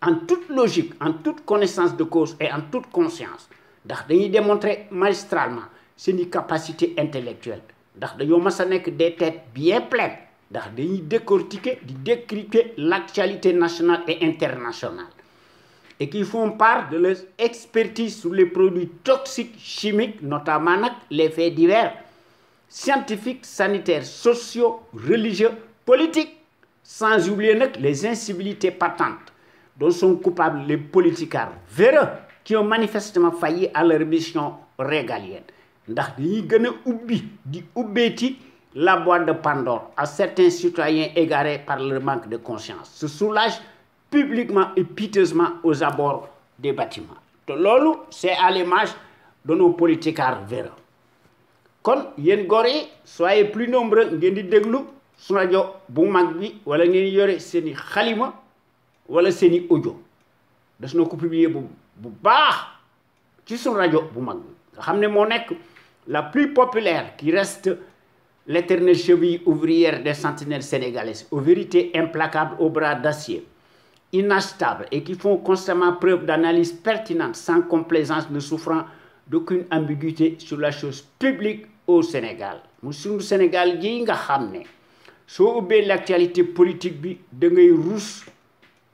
en toute logique en toute connaissance de cause et en toute conscience ndax dañuy démontrer magistralement seeni capacités intellectuelles. ndax dañoo mas des têtes bien pleines ndax dañuy décortiquer di décrypter l'actualité nationale et internationale et qui font part de leur expertise sur les produits toxiques chimiques, notamment les faits divers, scientifiques, sanitaires, sociaux, religieux, politiques, sans oublier les incivilités patentes dont sont coupables les politiciens véreux qui ont manifestement failli à leur mission régalienne. ndax avons oublié la boîte de Pandore à certains citoyens égarés par leur manque de conscience. Ce soulage publiquement et piteusement aux abords des bâtiments c'est à l'image de nos politiques verts. Quand vous êtes soyez plus nombreux à vous déglu su rajo bu mag bi wala ngeen yore seen vous xalima wala seen i audio des na ko publier bu bu baax ci suñu la plus populaire qui reste l'éternelle cheville ouvrière des sentinelles sénégalaises aux vérités implacables aux bras d'acier inachetables et qui font constamment preuve d'analyse pertinente sans complaisance ne souffrant d'aucune ambiguïté sur la chose publique au Sénégal Monsieur le Sénégal gii nga xam ne soo l'actualité politique bi da ngay rousse,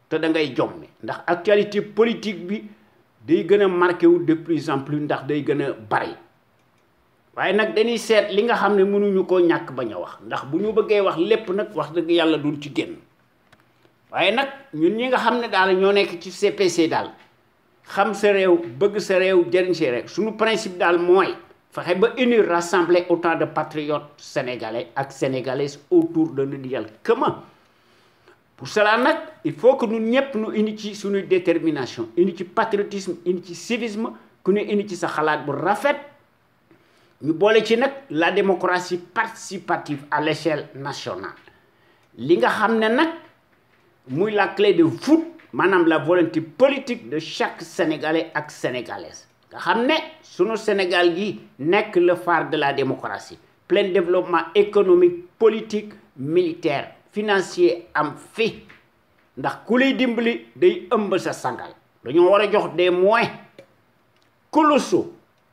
te da ngay jommi ndax actualité politique bi day gëna marqué de plus en plus ndax day gëna bari waye nak dañuy sét li nga xamné ne mënuñu koo ñàkk wax ndax buñu bëggé wax lépp nak wax dëgg yalla duñ ci génn waye nak ñun ñi nga xam ne daal ñoo nekk ci CPC daal xam sa réew bëgg sa réew jëriñ sa réew suñu principe daal moy fexe ba unir rassembler autant de patriotes sénégalais ak sénégalaises autour de l'idéal Comment pour cela nak il faut que ñun ñëpp ñu indi ci suñu détermination indi ci patriotisme indi ci civisme ku ne indi ci sa xalaat bu rafet ñu bolé ci nak la démocratie participative à l'échelle nationale li nga xam nak c'est la clé de voûte madame la volonté politique de chaque sénégalais et sénégalaise nga xam le sunu Sénégal n'est que le phare de la démocratie plein développement économique politique militaire financier en fait. ndax que les dimbali qui ëmb sa sangal dañoo nous avons des moyens colossaux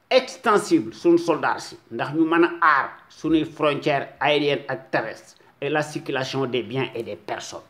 extensibles sur soldats ndax ñu des a sur frontières aériennes et terrestres et la circulation des biens et des personnes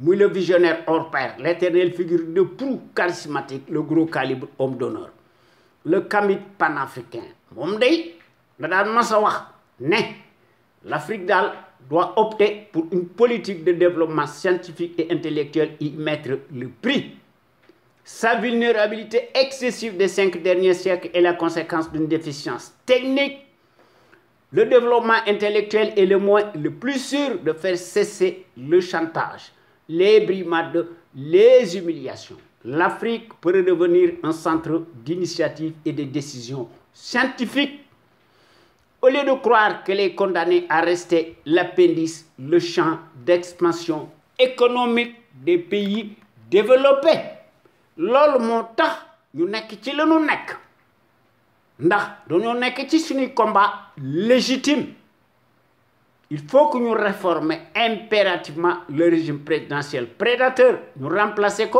Moui le visionnaire hors pair l'éternel figure de proue charismatique le gros calibre homme d'honneur le kamit panafricain l'Afrique d'Al doit opter pour une politique de développement scientifique et intellectuel y mettre le prix sa vulnérabilité excessive des cinq derniers siècles est la conséquence d'une déficience technique le développement intellectuel est le moyen le plus sûr de faire cesser le chantage les brimades, les humiliations. L'Afrique pourrait devenir un centre d'initiative et de décisions scientifiques. Au lieu de croire qu'elle est condamnée à rester l'appendice, le champ d'expansion économique des pays développés. loolu motax ñu nek ci lañu nous ndax combat légitime il faut que nous réformions impérativement le régime présidentiel prédateur Nous remplacer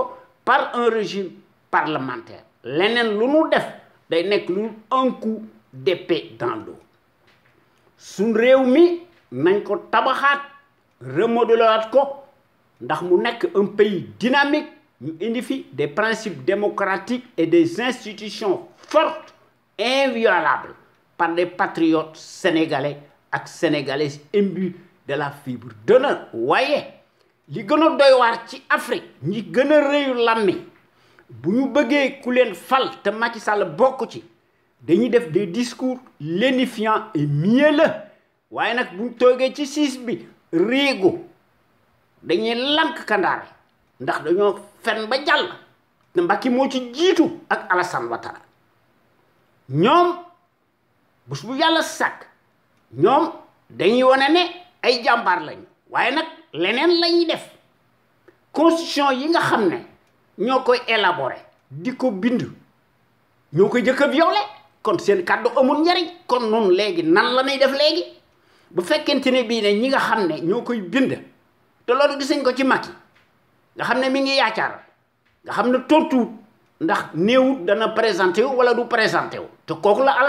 par un régime parlementaire leneen lu nu def day un coup d'épée dans l'eau Si nous mi pas, ko remodeler un pays dynamique nous des principes démocratiques et des institutions fortes inviolables par les patriotes sénégalais ak sénégalais imbu de la fibre d'honneur waye li gëna doy war ci Afrique ñi gëna reuy rëyu bu ñu bëggé ku len fal te Macky Sall bokku ci dañuy def des discours lénifiants et mielleux waye nak bu togué ci siis bi riigu dañuy lank kandar ndax dañu fenn ba jall te mbacki mo ci jitu ak Alassane Ouattara ñom bu su yalla sàkk ñoom dañuy wane ne ay jàmbaar lañ waaye nag leneen avons def constitution yi nga xam ne ñoo koy élaborer di ko bind ñoo koy violé kon seen kàddu amul njariñ kon noonu léegi nan la nous def léegi bu fekkente ne bii ne ñi nga xam ne ñoo koy bind te loolu ko ci nga xam ne mi ngi nga ne tontu ndax néewut dana présenté wala du wu la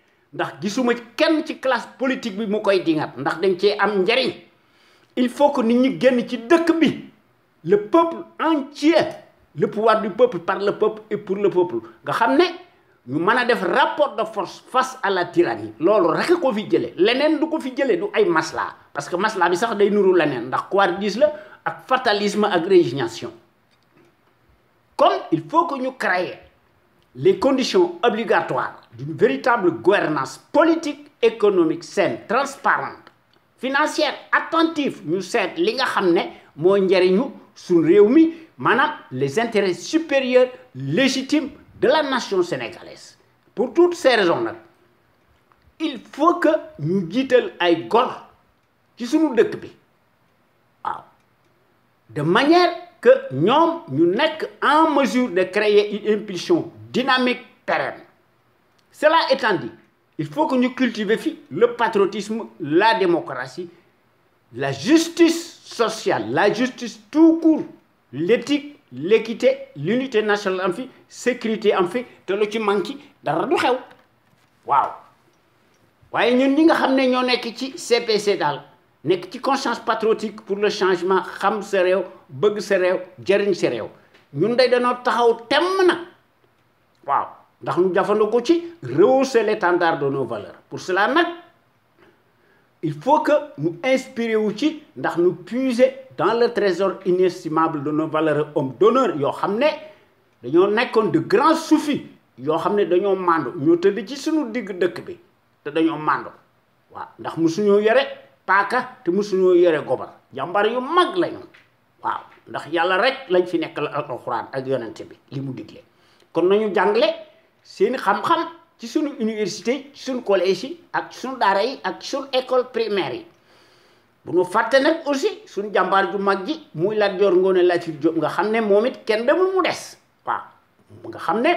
ndax gisuma kenn ci classe politique bi mu koy dingat ndax dañ cee am njariñ il faut que nit ñi génn ci dëkk bi le peuple entier le pouvoir du peuple par le peuple et pour le peuple nga xam ne ñu mën a def rapport de force face à la tyrannie loolu rek ko fi jëlee leneen du ko fi jëlee du ay masla parce que masla bi sax day nuru leneen ndax couardise la ak fatalisme ak résignation comme il faut que ñu créer les conditions obligatoires d'une véritable gouvernance politique, économique saine, transparente, financière, attentive nous sommes les nga qui nous moo réunis, nous sommes les intérêts supérieurs légitimes de la nation sénégalaise pour toutes ces raisons là il faut que nous jiital ay gor ci nous de bi de manière que nous sommes en mesure de créer une impulsion dynamique pérenne. Cela étant dit, il faut que nous cultivions le patriotisme, la démocratie, la justice sociale, la justice tout court, l'éthique, l'équité, l'unité nationale en sécurité en fait, te lu ci manque, dara nous xew waaw nous ñun ñi nga xam nous CPC dal, conscience patriotique pour le changement xam sa réew bëgg sa réew jëriñ sa réew Nous day danoo taxaw temm waaw ndax ñu jafandoo rehausser l'étendard de nos valeurs pour cela il faut que nous inspirions aussi ci ndax puiser dans le trésor inestimable de nos valeurs hommes d'honneur yo xamné ne dañoo des de grands soufis yo xamné gens dañoo que ñoo ci suñu digg dëkk bi te dañoo màndu waaw ndax musuñoo yéré paaka te musuñoo yéré gobar jàmbar yu mag lañu waaw ndax yalla rek lañ fi nekk la ak yonent bi li mu kon nañu jàngale seeni xam-xam ci suñu université ci suñu collège yi ak ci suñu daara yi ak ci suñu école primaire yi bu ñu fàtte nag aussi suñu jàmbaar ju mag ji muy Lat Joor ne Latiir Jóob nga xam ne moom it kenn demul mu des waaw nga xam ne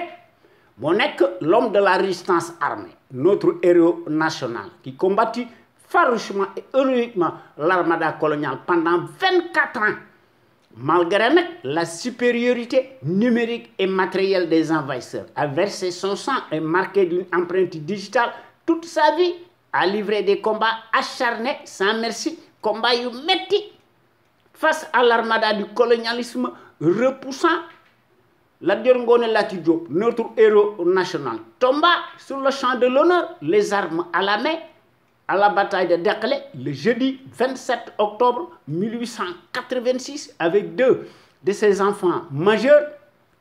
moo nekk l'homme de la résistance armée notre héros national qui combattit farouchement et héroïquement l'armada coloniale pendant 24 ans malgré la supériorité numérique et matérielle des envahisseurs, a versé son sang et marqué d'une empreinte digitale toute sa vie, a livré des combats acharnés sans merci, combats humétiques. face à l'armada du colonialisme repoussant la Dior Latidjo, notre héros national, tomba sur le champ de l'honneur, les armes à la main, à la bataille de Dekle le jeudi 27 octobre 1886 avec deux de ses enfants majeurs,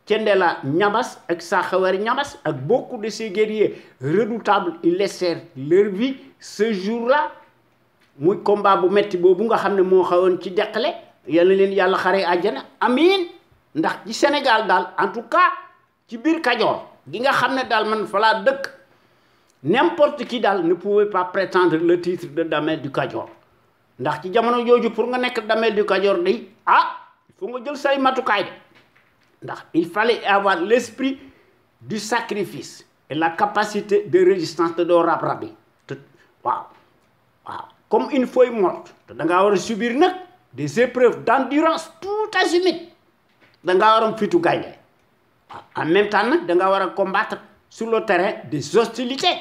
Tiendela Nyabas et Sakhawari Nyabas, et beaucoup de ses guerriers redoutables, ils laissèrent leur vie ce jour-là. muy combat bu metti bobu nga xam ne moo ci Il yalla na yalla yàlla xare àjjana Amin, ndax ci Sénégal dal en tout cas ci bir kadior gi nga ne man fala deuk n'importe qui dal ne pouvait pas prétendre le titre de damel du Kajor. ndax ci jamono pour nga damel du Kajor, ah, il il fallait avoir l'esprit du sacrifice et la capacité de résistance de rab comme une feuille morte tu da subir des épreuves d'endurance tout à da ngaa war un fitu en même temps tu da combattre sur le terrain des hostilités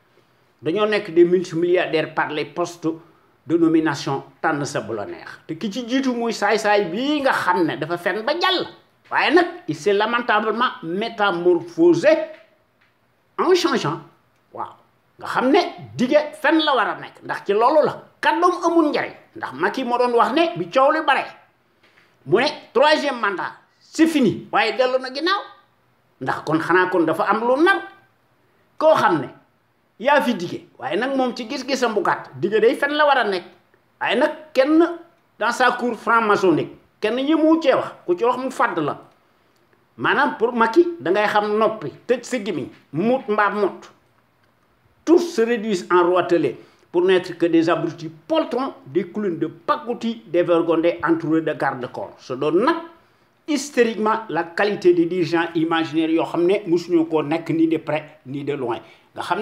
dañoo nekk des multimilliardaires par les postes de nomination tànn sa bu neex te ki ci jiitu muy saay-saay bii nga xam dafa il s'est lamentablement métamorphosé en changeant waaw nga xam ne la troisième mandat c'est fini na ndax kon ya fi digué waye nak mom ci gis-gisam bu gàtt day fen la wara nek nekk nak kenn dans sa cour franc-maçonnique kenn ñi ci wax ku ci wax mu fad la manam pour Maki, da ngay xam nopi tëj sa gémmiñ muut mbaa tout se réduit en roitelets pour n'être que des abrutis poltrons des clowns de des dévergondés entourés de gardes corps Ce donne hystériquement la qualité des dirigeants imaginaires qui ne sont ni de près ni de loin nga xam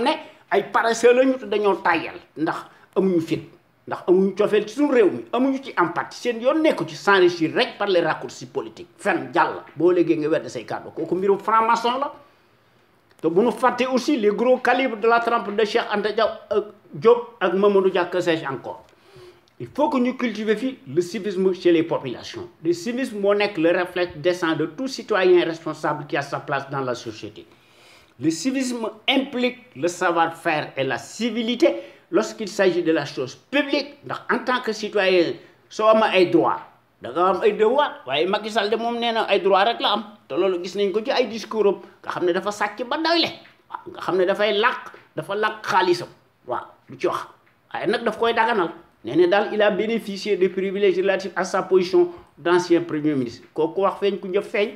ay paresseux la ñu te dañoo tàyyal ndax amuñu fit ndax amuñu cofeel ci suñu réew mi amuñu ci empathie seen yoon nekku ci s'enrichir rek par les raccourcis politiques fen jàll boo léegi nga wedd say kàddu kooku mbirum franc-maçon la te bu ñu fàtte aussi les gros calibres de la trempe de Cheikh Anta euh, Diop ak Mamadou diak que encore il faut que ñu cultiver fi le civisme chez les populations le civisme moo nekk le réflexe décent de tout citoyen responsable qui a sa place dans la société le civisme implique le savoir-faire et la civilité lorsqu'il s'agit de la chose publique Donc, en tant que citoyen on a des droit da nga am ay devoir waaye Macky Sall de mom nee na ay droit rek la am te loolu gis nañ ko ci ay discours am nga xam dafa sàcc ba doy le nga xamne da fay làq dafa làq khalisam wa lu ci wax ay nak daf koy daganal nee dal il a bénéficié de privilèges relatifs à sa position d'ancien premier ministre kooku wax feñ ku jëf feeñ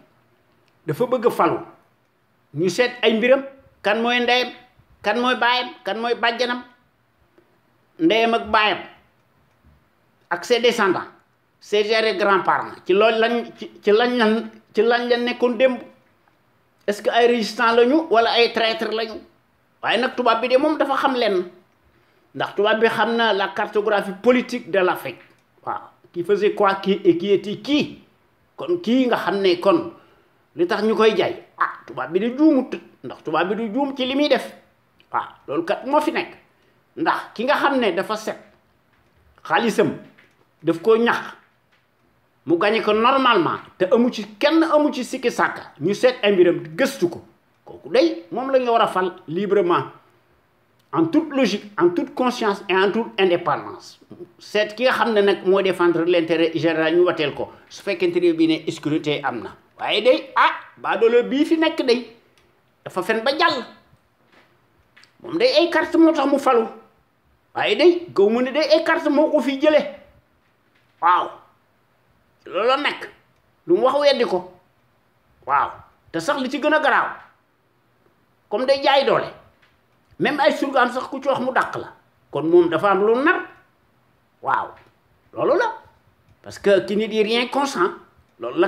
dafa bëgg a falu ñu seet ay mbiram kan mooy ndeyam kan mooy baayam kan mooy bàjjanam ndeyam ak baayam ak ses descendants ses arrière-grands-parents ci loolu lañ ci lañ lan ci lañ lan nekkoon démb est-ce que ay résistants lañu wala ay traîtres lañu waaye nag tubaab bi de moom dafa xam lenn ndax tubaab bi xam na la cartographie politique de l'Afrique waaw qui faisait quoi qui et qui était qui kon kii nga xam ne kon li tax ñukoy jaay ah tuba bi de ndax tuba bi du joom ci limi def ah lool kat mo fi nek ndax ki nga xamne dafa set daf ko ñax mu ko normalement te amu ci kenn amu ci tu saka ñu la librement en toute logique en toute conscience et en toute indépendance set ki nga xamne ne mo défendre l'intérêt général ñu watel ko su tu ne tu ne sécurité ah baadoolo bii fi nekk day dafa fen ba jàll moom day ay carte moo mu falu waaye day gaw ne day ay carte moo fi jële comme des jaay même ay surgaan sax ku ci wax mu dàq la kon moom am lu parce que qui ne dit rien conscient, loolu la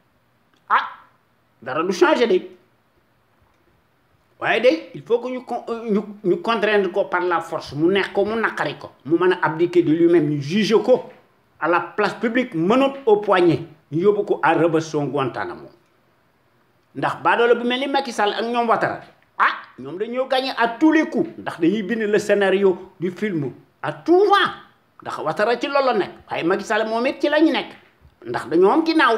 dara du changé de waye de il faut que ñu ñu ñu contraindre ko par la force mu neex ko mu nakari ko mu mën abdiquer de lui-même ñu juge ko à la place publique menottes au poignet ñu yóbbu ko à Rebeuss son Guantanamo ndax baadoola bu mel ni Macky Sall ak ñom Ouattara ah ñom dañu gagné à tous les coups ndax dañuy bind le scénario du film à tout vent ndax Ouattara ci lolo nek waye Macky Sall moom it ci lañu nek ndax dañu am ginnaaw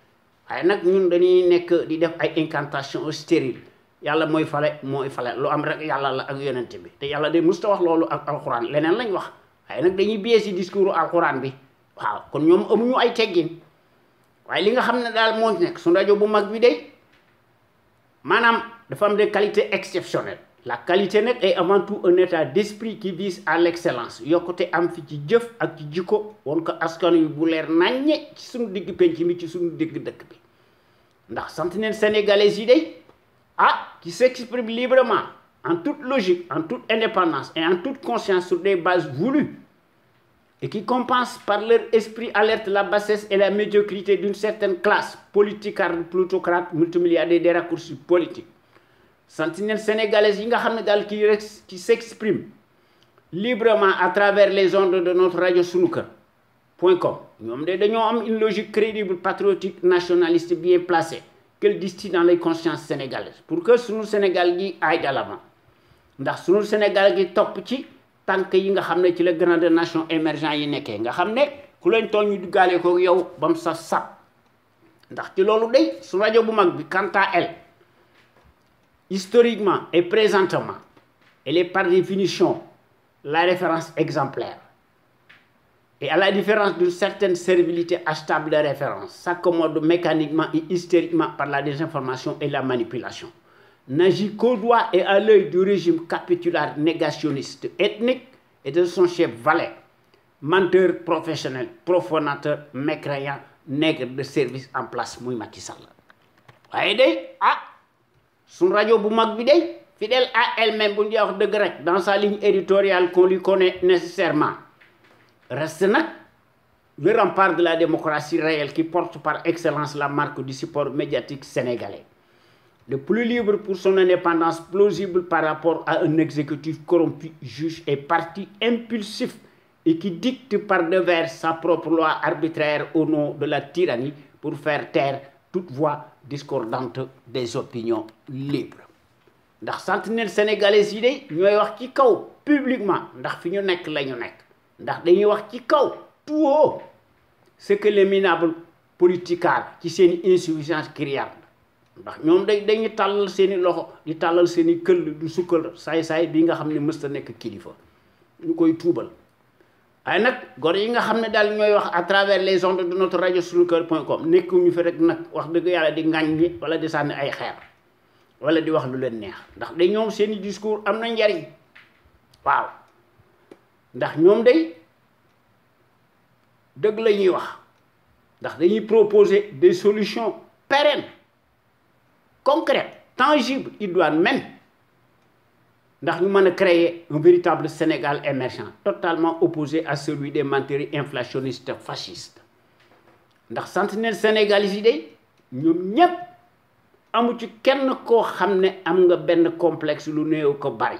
waaye nak ñun dañuy nek di def ay incantation au stérile yàlla mooy fale mooy fale lu am rek yalla la ak yonent bi te yalla day musta wax loolu ak alcorane leneen lañ wax waaye nak dañuy biyee ci discoursu alcorane bi waaw kon ñom amuñu ay teggin waaye li nga xam ne daal moo nekk suñu rajo bu mag bi day manam dafa am des qualités exceptionnelles la qualité nek est avant tout un état d'esprit qui vise à l'excellence yokote am fi ci jëf ak ci jiko won ko askan wi bu leer nañ ci sunu digg penc mi ci sunu digg dëkk bi ndax sentinelle sénégalais yi ah qui s'exprime librement en toute logique en toute indépendance et en toute conscience sur des bases voulues et qui compensent par leur esprit alerte la bassesse et la médiocrité d'une certaine classe politique, plutocrate multimilliardaire des raccourcis politiques sentinelle sénégalaise qui s'exprime librement à travers les ondes de notre radio sunu point com ñoom une logique crédible patriotique nationaliste bien placée qu'elle distille dans les consciences sénégalaises pour que sunu Sénégal gi aille de l'avant ndax nous Sénégal est top ci tant yi nga xam ci la grande nation émergente. yi nekkee nga xam ku leen tooñ ñu duggaale ko yow ba sa sab ndax ci de quant à elle historiquement et présentement elle est par définition la référence exemplaire et à la différence d'une certaine servilité achetable de référence, s'accommode mécaniquement et hystériquement par la désinformation et la manipulation. N'agit qu'au doigt et à l'œil du régime capitulaire négationniste ethnique et de son chef valet, menteur professionnel, profanateur, mécréant, nègre de service en place, muy Macky Sall. ah Son radio Boumakbide, fidèle à elle-même bu de grec dans sa ligne éditoriale qu'on lui connaît nécessairement reste le rempart de la démocratie réelle qui porte par excellence la marque du support médiatique sénégalais le plus libre pour son indépendance plausible par rapport à un exécutif corrompu, juge et parti impulsif et qui dicte par devers sa propre loi arbitraire au nom de la tyrannie pour faire taire toute voix discordante des opinions libres. Dans sentinelle sénégalais yi il publiquement ndax ndax dañuy wax ci kaw tout haut ce que les minables politicards ci seen insuffisance criarde ndax ñoom day dañuy talal seen loxo di talal seen keul du sukkal say say bi nga xam mësta nek ta nekk kilifa ñu koy tuubal waaye nag gor yi nga xam dal ñoy wax à travers les ondes de notre radio sunu nekku ñu fi rek nak wax deug yalla di ngagn ŋàññi wala di sanni ay xeer wala di wax lu leen neex ndax day ñoom seen discours amna na njariñ waaw nous ñoom day proposer des solutions pérennes concrètes tangibles doit même ndax créer un véritable Sénégal émergent totalement opposé à celui des menteurs inflationnistes fascistes ndax sentinelle sénégalais yi day ñoom amu ci kenn complexe lu néew ko bari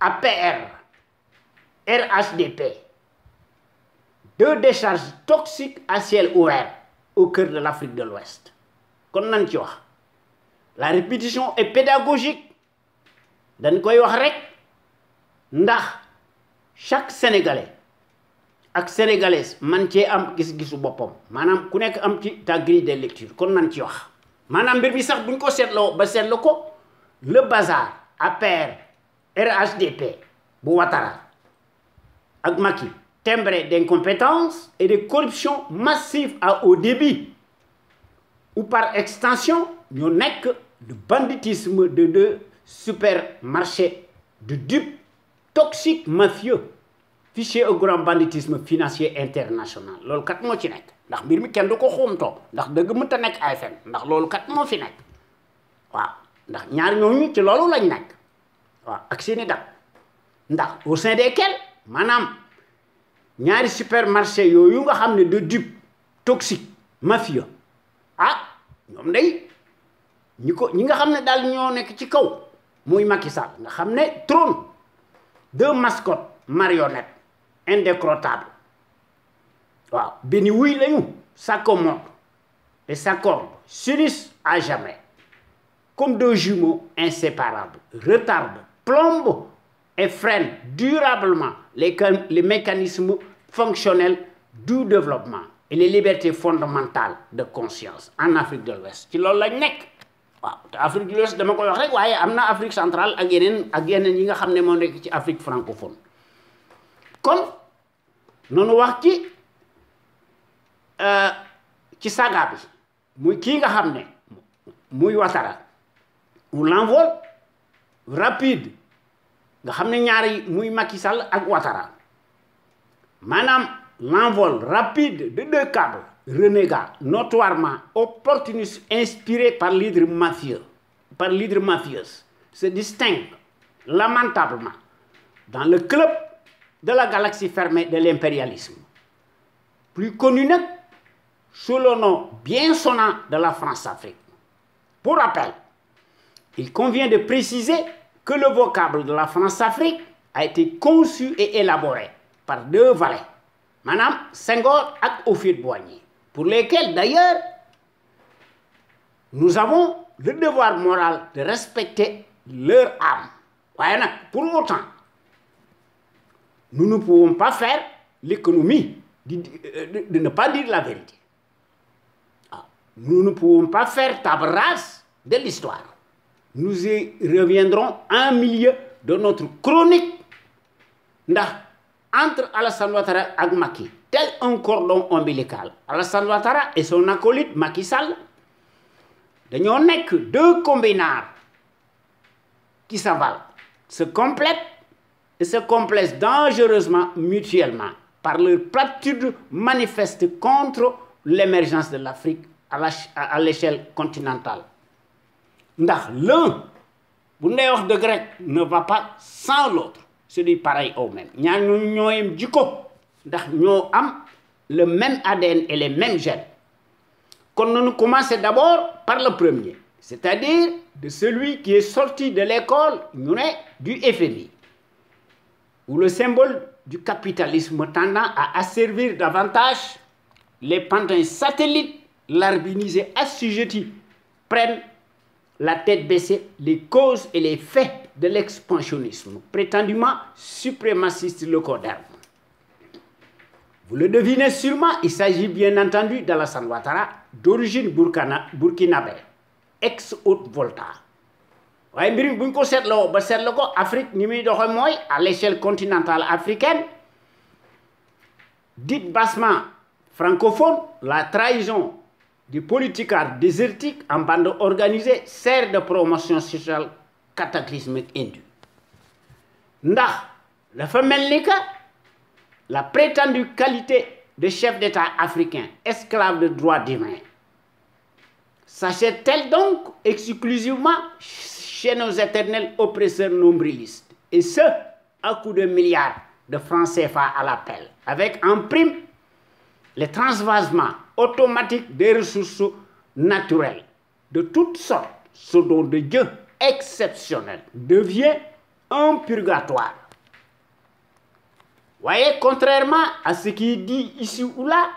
APR, RHDP. Deux décharges toxiques à ciel ouvert au cœur de l'Afrique de l'Ouest. kon la répétition est pédagogique Dan koy wax rek ndax chaque sénégalais ak sénégalaise manche am gis-gisu manam maanaam ku am ci ta grille de lecture kon nan ci wax Manam bir bi sax buñ ko ba ko le bazar APR RHDP bu Agmaki, ak d'incompétence et de corruption massive à haut débit ou par extension nous nekk le banditisme de deux supermarchés de dupes toxiques mafieux fichés au grand banditisme financier international loolu kat moo ci nekk ndax mbir mi kenn du ko xuumtoo ndax dëgg mënta nekk AFM ndax loolu kat moo fi c'est waaw ndax ñaar ci loolu lañ waaw au sein desquels Madame, ñaari supermarché des nga supermarché ne de dupe toxique mafia ah ñoom day ñi ko ñi nga xam ne daal trône deux mascottes marionnettes indécrottables waaw benn wuy lañu et s'accordent s'unissent à jamais comme deux jumeaux inséparables retardent plombe et freine durablement les, les mécanismes fonctionnels du développement et les libertés fondamentales de conscience en Afrique de l'Ouest ci loolu lañ nekk waaw En Afrique de l'Ouest dama koy wax rek waaye Afrique centrale ak yeneen ak yeneen yi nga ci Afrique francophone Comme, nous wax ci euh, ci qui bi muy qui nga xam qui muy ou l'envol rapide nga xamné ñaar Ouattara l'envol rapide de deux câbles renégat notoirement opportuniste inspiré par l'hydre mafieux par l'hydre mafieuse se distingue lamentablement dans le club de la galaxie fermée de l'impérialisme plus connu sous le nom bien sonnant de la France-Afrique pour rappel il convient de préciser que le vocable de la France-Afrique a été conçu et élaboré par deux valets, Madame Senghor et Ophir Boigny, pour lesquels d'ailleurs nous avons le devoir moral de respecter leur âme. pour autant nous ne pouvons pas faire l'économie euh, de, ne pas dire la vérité ah, nous ne pouvons pas faire tabras de l'histoire nous y reviendrons en milieu de notre chronique entre Alassane Ouattara et Macky tel un cordon ombilical Alassane Ouattara et son acolyte Macky Sall dañoo que deux combinards qui s'avalent se complètent et se complètent dangereusement mutuellement par leur platitude manifeste contre l'émergence de l'Afrique à l'échelle continentale l'un vous Grec ne va pas sans l'autre c'est pareil au même Nous avons le même ADN et les mêmes gènes Nous commençons d'abord par le premier c'est-à-dire de celui qui est sorti de l'école du FMI ou le symbole du capitalisme tendant à asservir davantage les pantins satellites l'arbinisé assujetti prennent la tête baissée les causes et les faits de l'expansionnisme, prétendument suprémaciste le Vous le devinez sûrement, il s'agit bien entendu d'Alassane Ouattara, d'origine burkinabé, ex-Haute-Volta. Vous à l'échelle continentale africaine dit bassement francophone la trahison du politicard désertique en bande organisée sert de promotion sociale cataclysmique indue ndax la femme la prétendue qualité de chef d'État africain esclave de droits divins s'achète-t-elle donc exclusivement chez nos éternels oppresseurs nombrilistes et ce à coup de milliards de francs CFA à l'appel avec en prime le transvasement automatique des ressources naturelles de toutes sortes, ce des de Dieu exceptionnel devient un purgatoire. Voyez, contrairement à ce qui est dit ici ou là,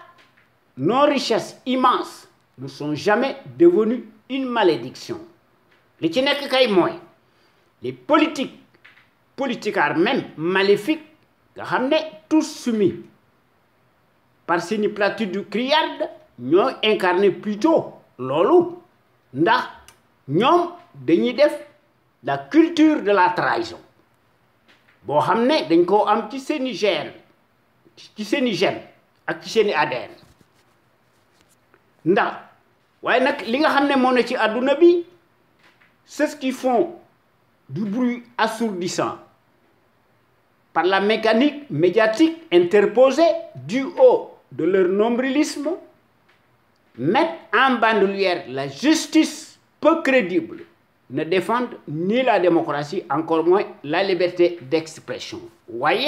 nos richesses immenses ne sont jamais devenues une malédiction. Les les politiques, politiques même maléfiques, tous soumis par seeni platitude criarde nous incarné plutôt l'olou. nous, avons dañuy la culture de la trahison Vous savez, fait dañ koo am ci qui gène ci seeni qui ak ci seeni ADN ndax waaye nag li c'est ce qui font du bruit assourdissant par la mécanique médiatique interposée du haut de leur nombrilisme, mettent en bandoulière la justice peu crédible, ne défendent ni la démocratie, encore moins la liberté d'expression. Voyez,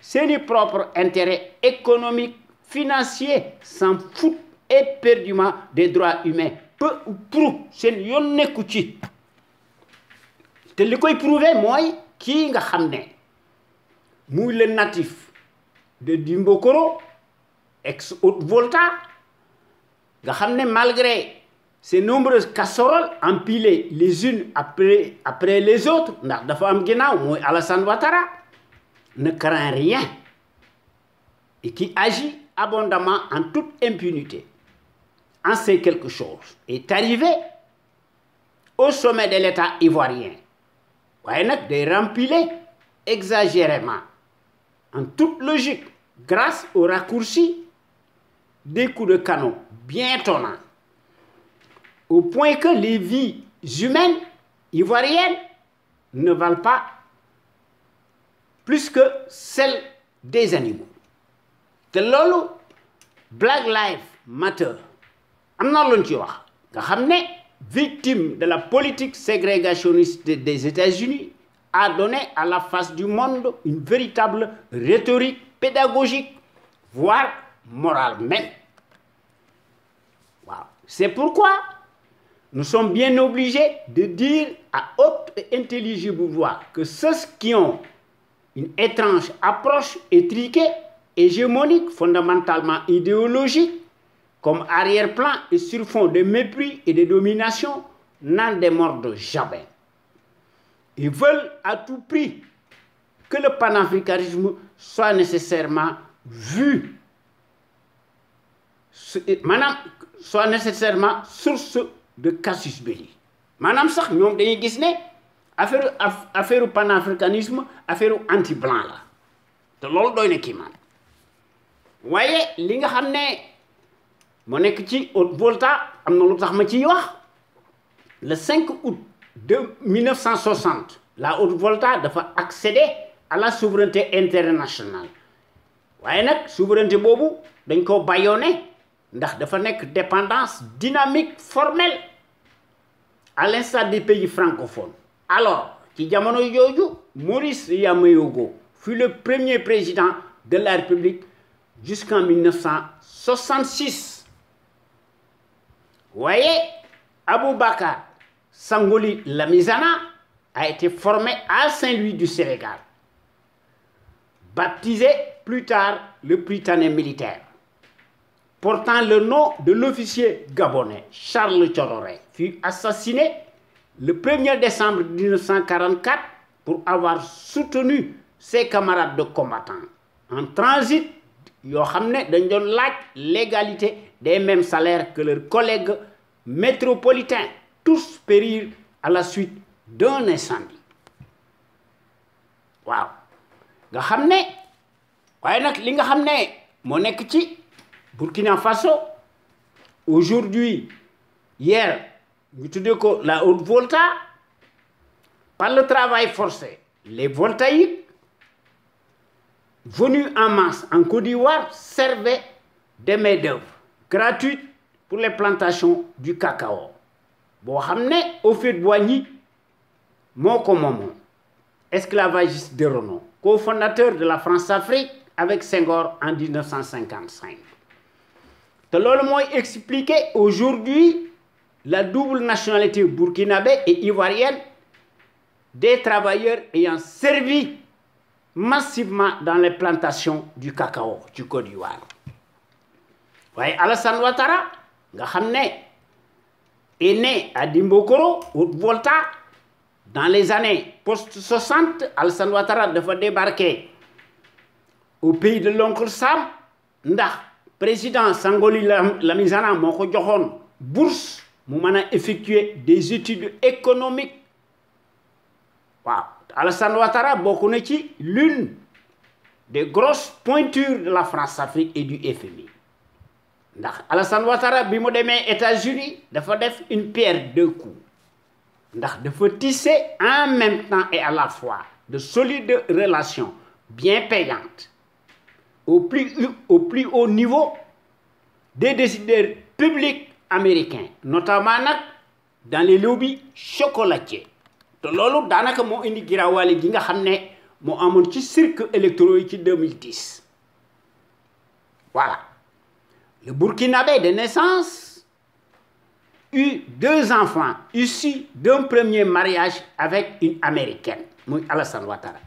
c'est les propres intérêts économiques, financiers, s'en foutent éperdument des droits humains. Peu ou prou, c'est yon que te li prouver mooy nga le natif de Dimbokoro ex haute volta malgré ces nombreuses casseroles empilées les unes après après les autres ne craint rien et qui agit abondamment en toute impunité en sait quelque chose est arrivé au sommet de l'État ivoirien Il est rempilé exagérément en toute logique grâce aux raccourcis des coups de canon bien tonnants, au point que les vies humaines ivoiriennes ne valent pas plus que celles des animaux. The Lolo Black Lives Matter victime de la politique ségrégationniste des États-Unis a donné à la face du monde une véritable rhétorique pédagogique voire morale même. C'est pourquoi nous sommes bien obligés de dire à haute et intelligible voix que ceux qui ont une étrange approche étriquée, hégémonique, fondamentalement idéologique, comme arrière-plan et sur fond de mépris et de domination, n'en démordent jamais. Ils veulent à tout prix que le panafricanisme soit nécessairement vu eh, manam soit nécessairement source de casus belli manam sax ñom dañuy gis né, affaire affaire panafricanisme affaire anti blanc C'est ce que nous na kii Vous voyez, li nga xamné mo nek ci Haute-Volta amna lu tax ma le 5 août de 1960 la Haute-Volta dafa accéder à la souveraineté internationale voyez, la souveraineté est dañ ko nous dafa une dépendance dynamique formelle à l'instar des pays francophones alors ci jamono Maurice Yamouyogo fut le premier président de la République jusqu'en 1966 voyez, Aboubacar Sangoli Lamizana a été formé à Saint-Louis du Sénégal baptisé plus tard le Pritané militaire portant le nom de l'officier gabonais Charles Chororé fut assassiné le 1er décembre 1944 pour avoir soutenu ses camarades de combattants en transit ils ont l'égalité des mêmes salaires que leurs collègues métropolitains tous périrent à la suite d'un incendie Waouh Vous savez, Burkina Faso aujourd'hui hier nous la haute volta par le travail forcé les voltaïques venus en masse en Côte d'Ivoire servaient des main-d'œuvre gratuite pour les plantations du cacao boo au au de boigny mon esclavagiste de renom cofondateur de la France-Afrique avec Senghor en 1955 te je expliquer aujourd'hui la double nationalité burkinabé et ivoirienne des travailleurs ayant servi massivement dans les plantations du cacao du Côte d'Ivoire voyez, Alassane Ouattara nga est né à Dimbokoro au volta dans les années post-60 Alassane Ouattara devait débarquer au pays de l'oncle Sam président Sangoli Lamizana moo bourse mu effectuer des études économiques Alassane Ouattara l'une des grosses pointures de la France-Afrique et du FMI Alassane Ouattara bi États-Unis faut faire une pierre de coups Il faut tisser en même temps et à la fois de solides relations bien payantes au plus, au plus haut niveau des décideurs publics américains notamment dans les lobbies chocolatiers Donc loolu daanaka moo indi giraawaale gi nga xam ne cirque électoral 2010 voilà le burkinabé de naissance eut deux enfants issus d'un premier mariage avec une américaine Alassane Ouattara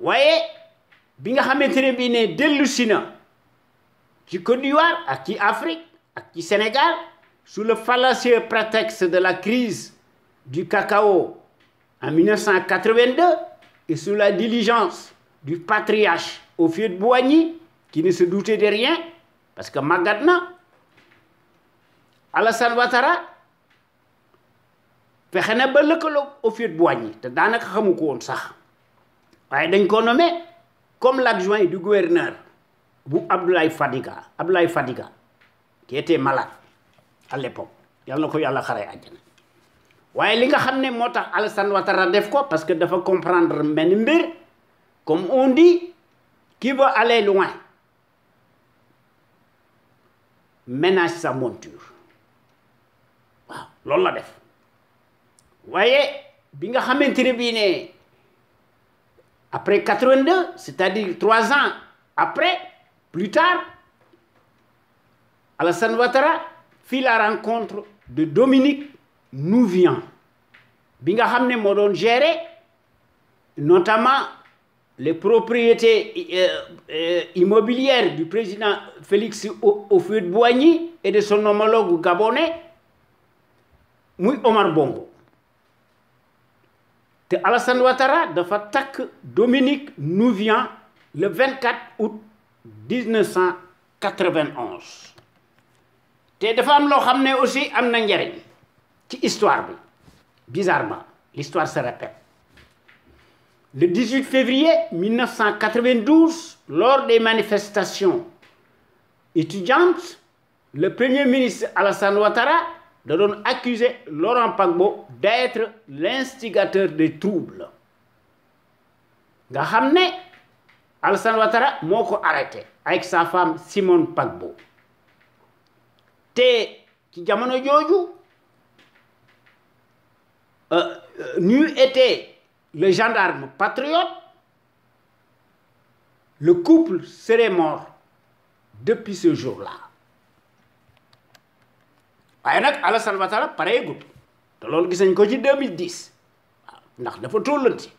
voyez bi nga xamante ne bii ne dellu ci Côte d'Ivoire ak ci Afrique ak ci Sénégal sous le fallacieux prétexte de la crise du cacao en 1982 et sous la diligence du patriarche de boigny qui ne se doutait de rien parce que Magadna, Alassane Ouattara fexe na ba lëkkaloog de boigny te danaka xamu ko woon sax waaye dañ ko nommé comme l'adjoint du gouverneur, vous Abdoulaye Fadiga, qui était malade à l'époque, il a pas eu li nga ne def parce que dafa comprendre comme on dit qui veut aller loin ménage sa monture c'est ce la def fait. Vous voyez, quand après 82, c'est-à-dire trois ans après, plus tard, Alassane Ouattara fit la rencontre de Dominique Nouvian, bi nga notamment les propriétés euh, euh, immobilières du président Félix Houphouët-Boigny et de son homologue gabonais Mouy Omar Bongo Alassane Ouattara de Fatak Dominique Nouvian le 24 août 1991 te aussi histoire bizarrement l'histoire se rappelle. le 18 février 1992 lors des manifestations étudiantes le premier ministre Alassane Ouattara de Laurent Pagbo d'être l'instigateur des troubles nga Alassane Ouattara arrêté avec sa femme Simone Pagbo. te qui jamono euh, euh, été le gendarme patriote le couple serait mort depuis ce jour-là waaye nag Alassane Ouattara pareegul C'est ce qu'on a ko ci 2010 Il ndax dafa tollanti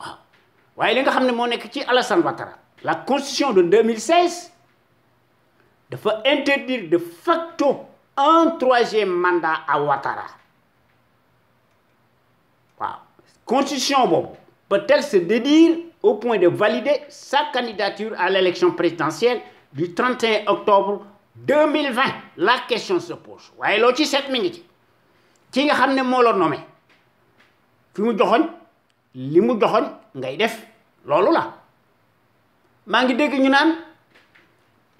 waaw waaye li nga xam ne moo nekk ci Alassane Ouattara la constitution de 2016 dafa interdire de facto un troisième mandat à Ouattara La constitution peut-elle se dédire au point de valider sa candidature à l'élection présidentielle du 31 octobre 2020 la question se pose Vous voyez, ci seet mi ngi ci ki nga xam qui moo la nommé fi mu ce li mu joxoñ ngay def loolu la maa ngi dégg ñu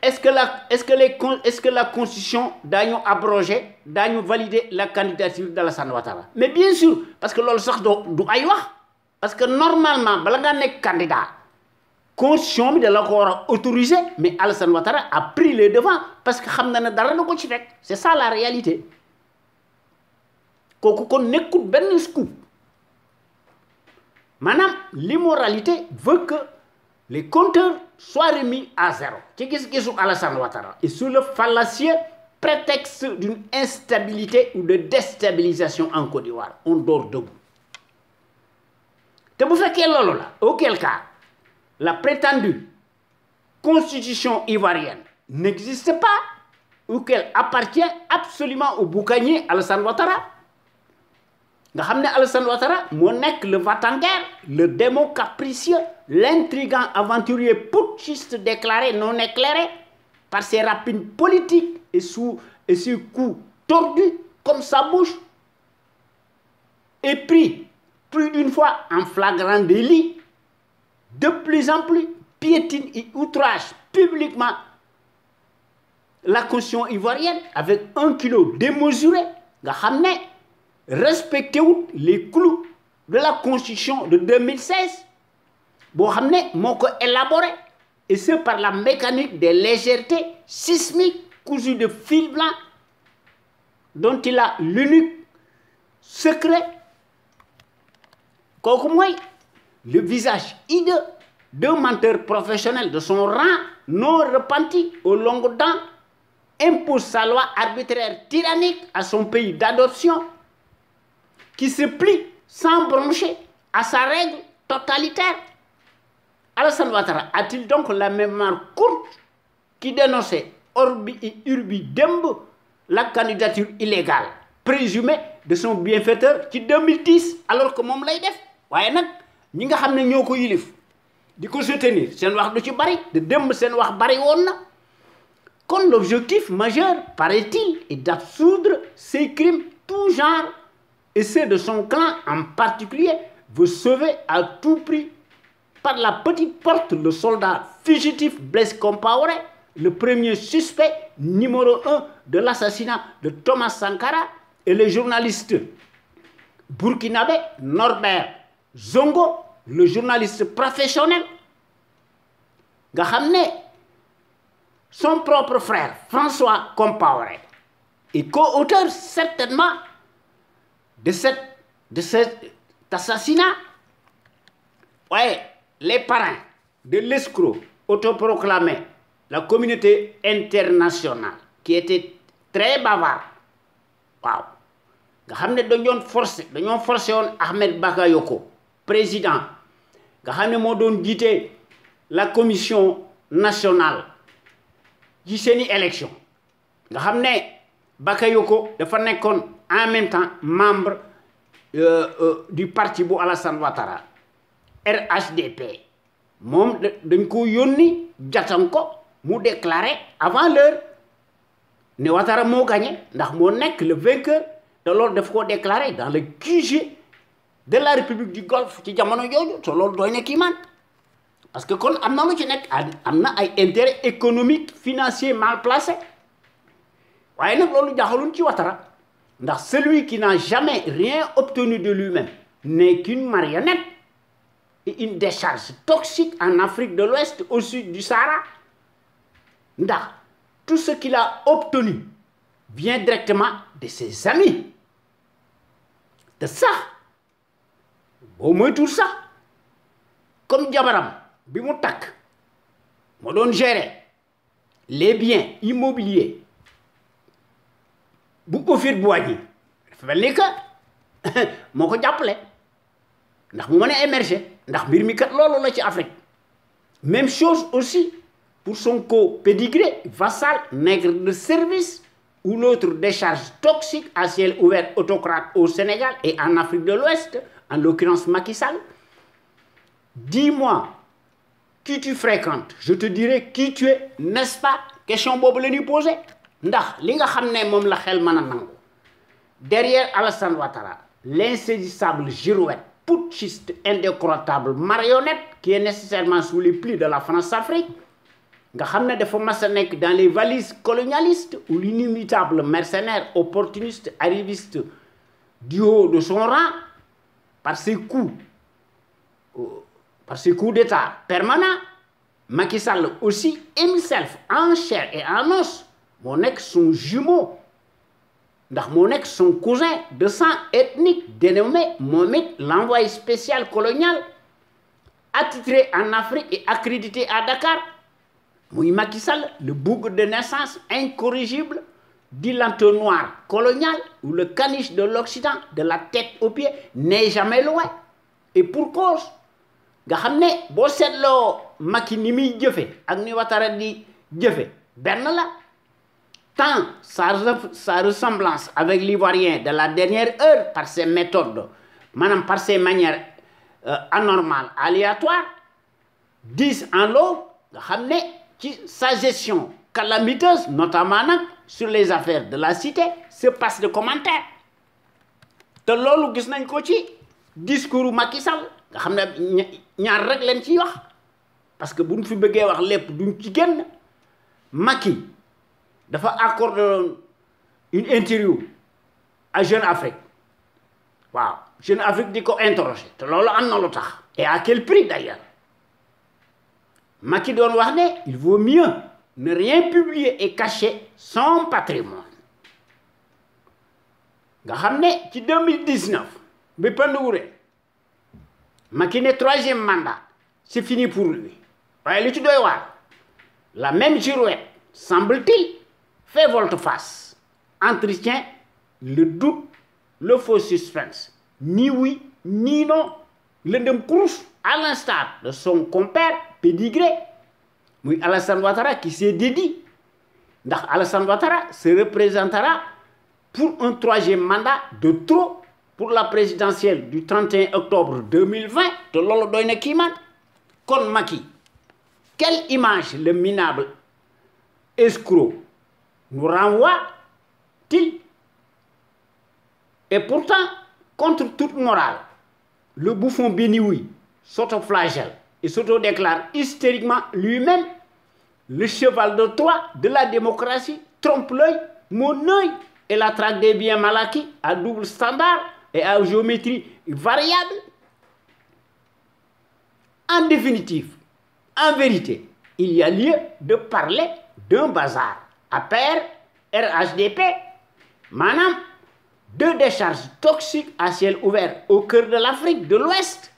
est-ce que la est-ce que les est-ce que la constitution daañu abroger daañu valider la candidature la Ouattara mais bien sûr parce que l'on sax de, du ay wax parce que normalement bala ngaa nekk candidat Conscient de l'accord autorisé, mais Alassane Ouattara a pris les devants parce que xam na ne dara na ci c'est ça la réalité On n'écoute nekkul Ben scoop Maintenant, l'immoralité veut que les compteurs soient remis à zéro ci gis-gisu Alassane Ouattara et sous le fallacieux prétexte d'une instabilité ou de déstabilisation en Côte d'Ivoire on dort debout te bu fekkee loolu là. auquel cas la prétendue constitution ivoirienne n'existe pas ou qu'elle appartient absolument au boucanier Alassane Ouattara nga savez, Alassane Ouattara le vatanguer, le démon capricieux l'intrigant aventurier putschiste déclaré non éclairé par ses rapines politiques et sous et ses coups tordus comme sa bouche et pris plus d'une fois en flagrant délit de plus en plus piétine et outrage publiquement la constitution ivoirienne avec un kilo démesuré nga ramener les clous de la constitution de 2016 vous ramener élaboré et c'est par la mécanique des légèretés sismiques cousues de fil blanc dont il a l'unique secret le visage hideux d'un menteur professionnel de son rang non repenti au long temps impose sa loi arbitraire tyrannique à son pays d'adoption qui se plie sans broncher à sa règle totalitaire. Alassane Ouattara a-t-il donc la mémoire courte qui dénonçait Orbi Urbi la candidature illégale présumée de son bienfaiteur qui 2010 alors que Momlaïdef, ñi nga xam ne soutenir wax du bari de démb seen wax bari l'objectif majeur paraît-il est d'absoudre ces crimes tout genre et ceux de son clan en particulier vous sauver à tout prix par la petite porte le soldat fugitif Blaise Compaoré le premier suspect numéro un de l'assassinat de Thomas Sankara et le journaliste burkinabé Norbert Zongo le journaliste professionnel son propre frère François Compaoré ...et co-auteur certainement de cet assassinat ouais, les parents de l'escroc autoproclamé la communauté internationale qui était très bavard Wow, nga forcé forcé Ahmed Bagayoko... président nga xam ne moo doon la commission nationale ci seeni élection nga xam ne Bakayoko dafa nekkoon en même temps membre euh, euh, du parti bu Alassane Ouattara RHDP moom dañ ko yónni jatan ko mu déclaré avant l'heure ne Ouattara moo gagné ndax moo nekk le vainqueur te loolu daf ko déclarer dans le QG de la république du golfe qui jamono jooju te loolu doy qui kiimaan parce que kon on a un ci intérêt économique financier mal placé nak lolou jaxalun ci watara ndax celui qui n'a jamais rien obtenu de lui-même n'est qu'une marionnette et une décharge toxique en Afrique de l'Ouest au sud du Sahara ndax tout ce qu'il a obtenu vient directement de ses amis De ça moins tout ça, comme jabaram bi mu suis les biens immobiliers bu Oufir Boigny Je mel ni que moo ko ndax Je mën ndax mbir mi kat même chose aussi pour son co vassal nègre de service ou l'autre décharge toxique à ciel ouvert autocrate au Sénégal et en Afrique de l'Ouest en l'occurrence Macky Sall, dis-moi qui tu fréquentes, je te dirai qui tu es, n'est-ce pas Question boobu la posée. derrière Alassane Ouattara l'insaisissable girouette putschiste indécrottable marionnette qui est nécessairement sous les plis de la France-Afrique dans les valises colonialistes ou l'inimitable mercenaire opportuniste arriviste du haut de son rang par ses coups, par d'État permanents, Macky aussi himself, en chair et en os, mon ex, son jumeau, ndax mon son cousin de sang ethnique dénommé Mohamed l'envoyé spécial colonial attitré en Afrique et accrédité à Dakar Moui Macky le bougre de naissance incorrigible dit l'entonnoir colonial ou le caniche de l'Occident, de la tête aux pieds, n'est jamais loin. Et pour cause. nga Maki di tant sa ressemblance avec l'ivoirien de la dernière heure par ses méthodes maintenant par ses manières euh, anormales aléatoires disent en l'eau, sa gestion calamiteuse, notamment sur les affaires de la cité, se passe de commentaires. te loolu gis nañ ko ci discours Macky Sall il y a ñaar rek parce que si fi bëggee wax lépp duñ ci faut Macky dafa accordé une interview à Jeune Afrique waaw Jeune Afrique di interroger et à quel prix d'ailleurs Macky doon il vaut mieux ne rien publier et cacher son patrimoine nga xam 2019 bi Pandou Wuré troisième mandat c'est fini pour lui waaye lu ci doy la même girouette semble-t-il fait volte-face Entretien, le doute le faux suspense ni oui ni non L'un à l'instar de son compère pédigré oui, Alassane Ouattara qui s'est dédié Alassane Ouattara se représentera pour un troisième mandat de trop pour la présidentielle du 31 octobre 2020 de Lolo quelle image le minable escroc nous renvoie-t-il et pourtant contre toute morale le bouffon béni s'autoflagelle et s'autodéclare hystériquement lui-même le cheval de Troie de la démocratie trompe l'œil, mon œil, et la traque des biens mal acquis à double standard et à géométrie variable. En définitive, en vérité, il y a lieu de parler d'un bazar à pair RHDP, Manam, deux décharges toxiques à ciel ouvert au cœur de l'Afrique de l'Ouest,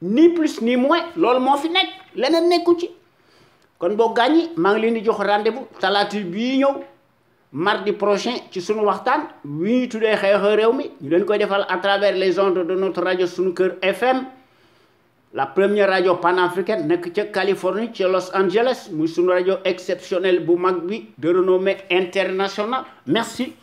ni plus ni moins, l'olmofinek, l'ennemi quand vous je rendez-vous mardi prochain ci sunu waxtaan wi ñu ñu à travers les ondes de notre radio FM la première radio panafricaine nekk ci Californie Los Angeles muy sunu radio exceptionnel bu mag bi de renommée internationale merci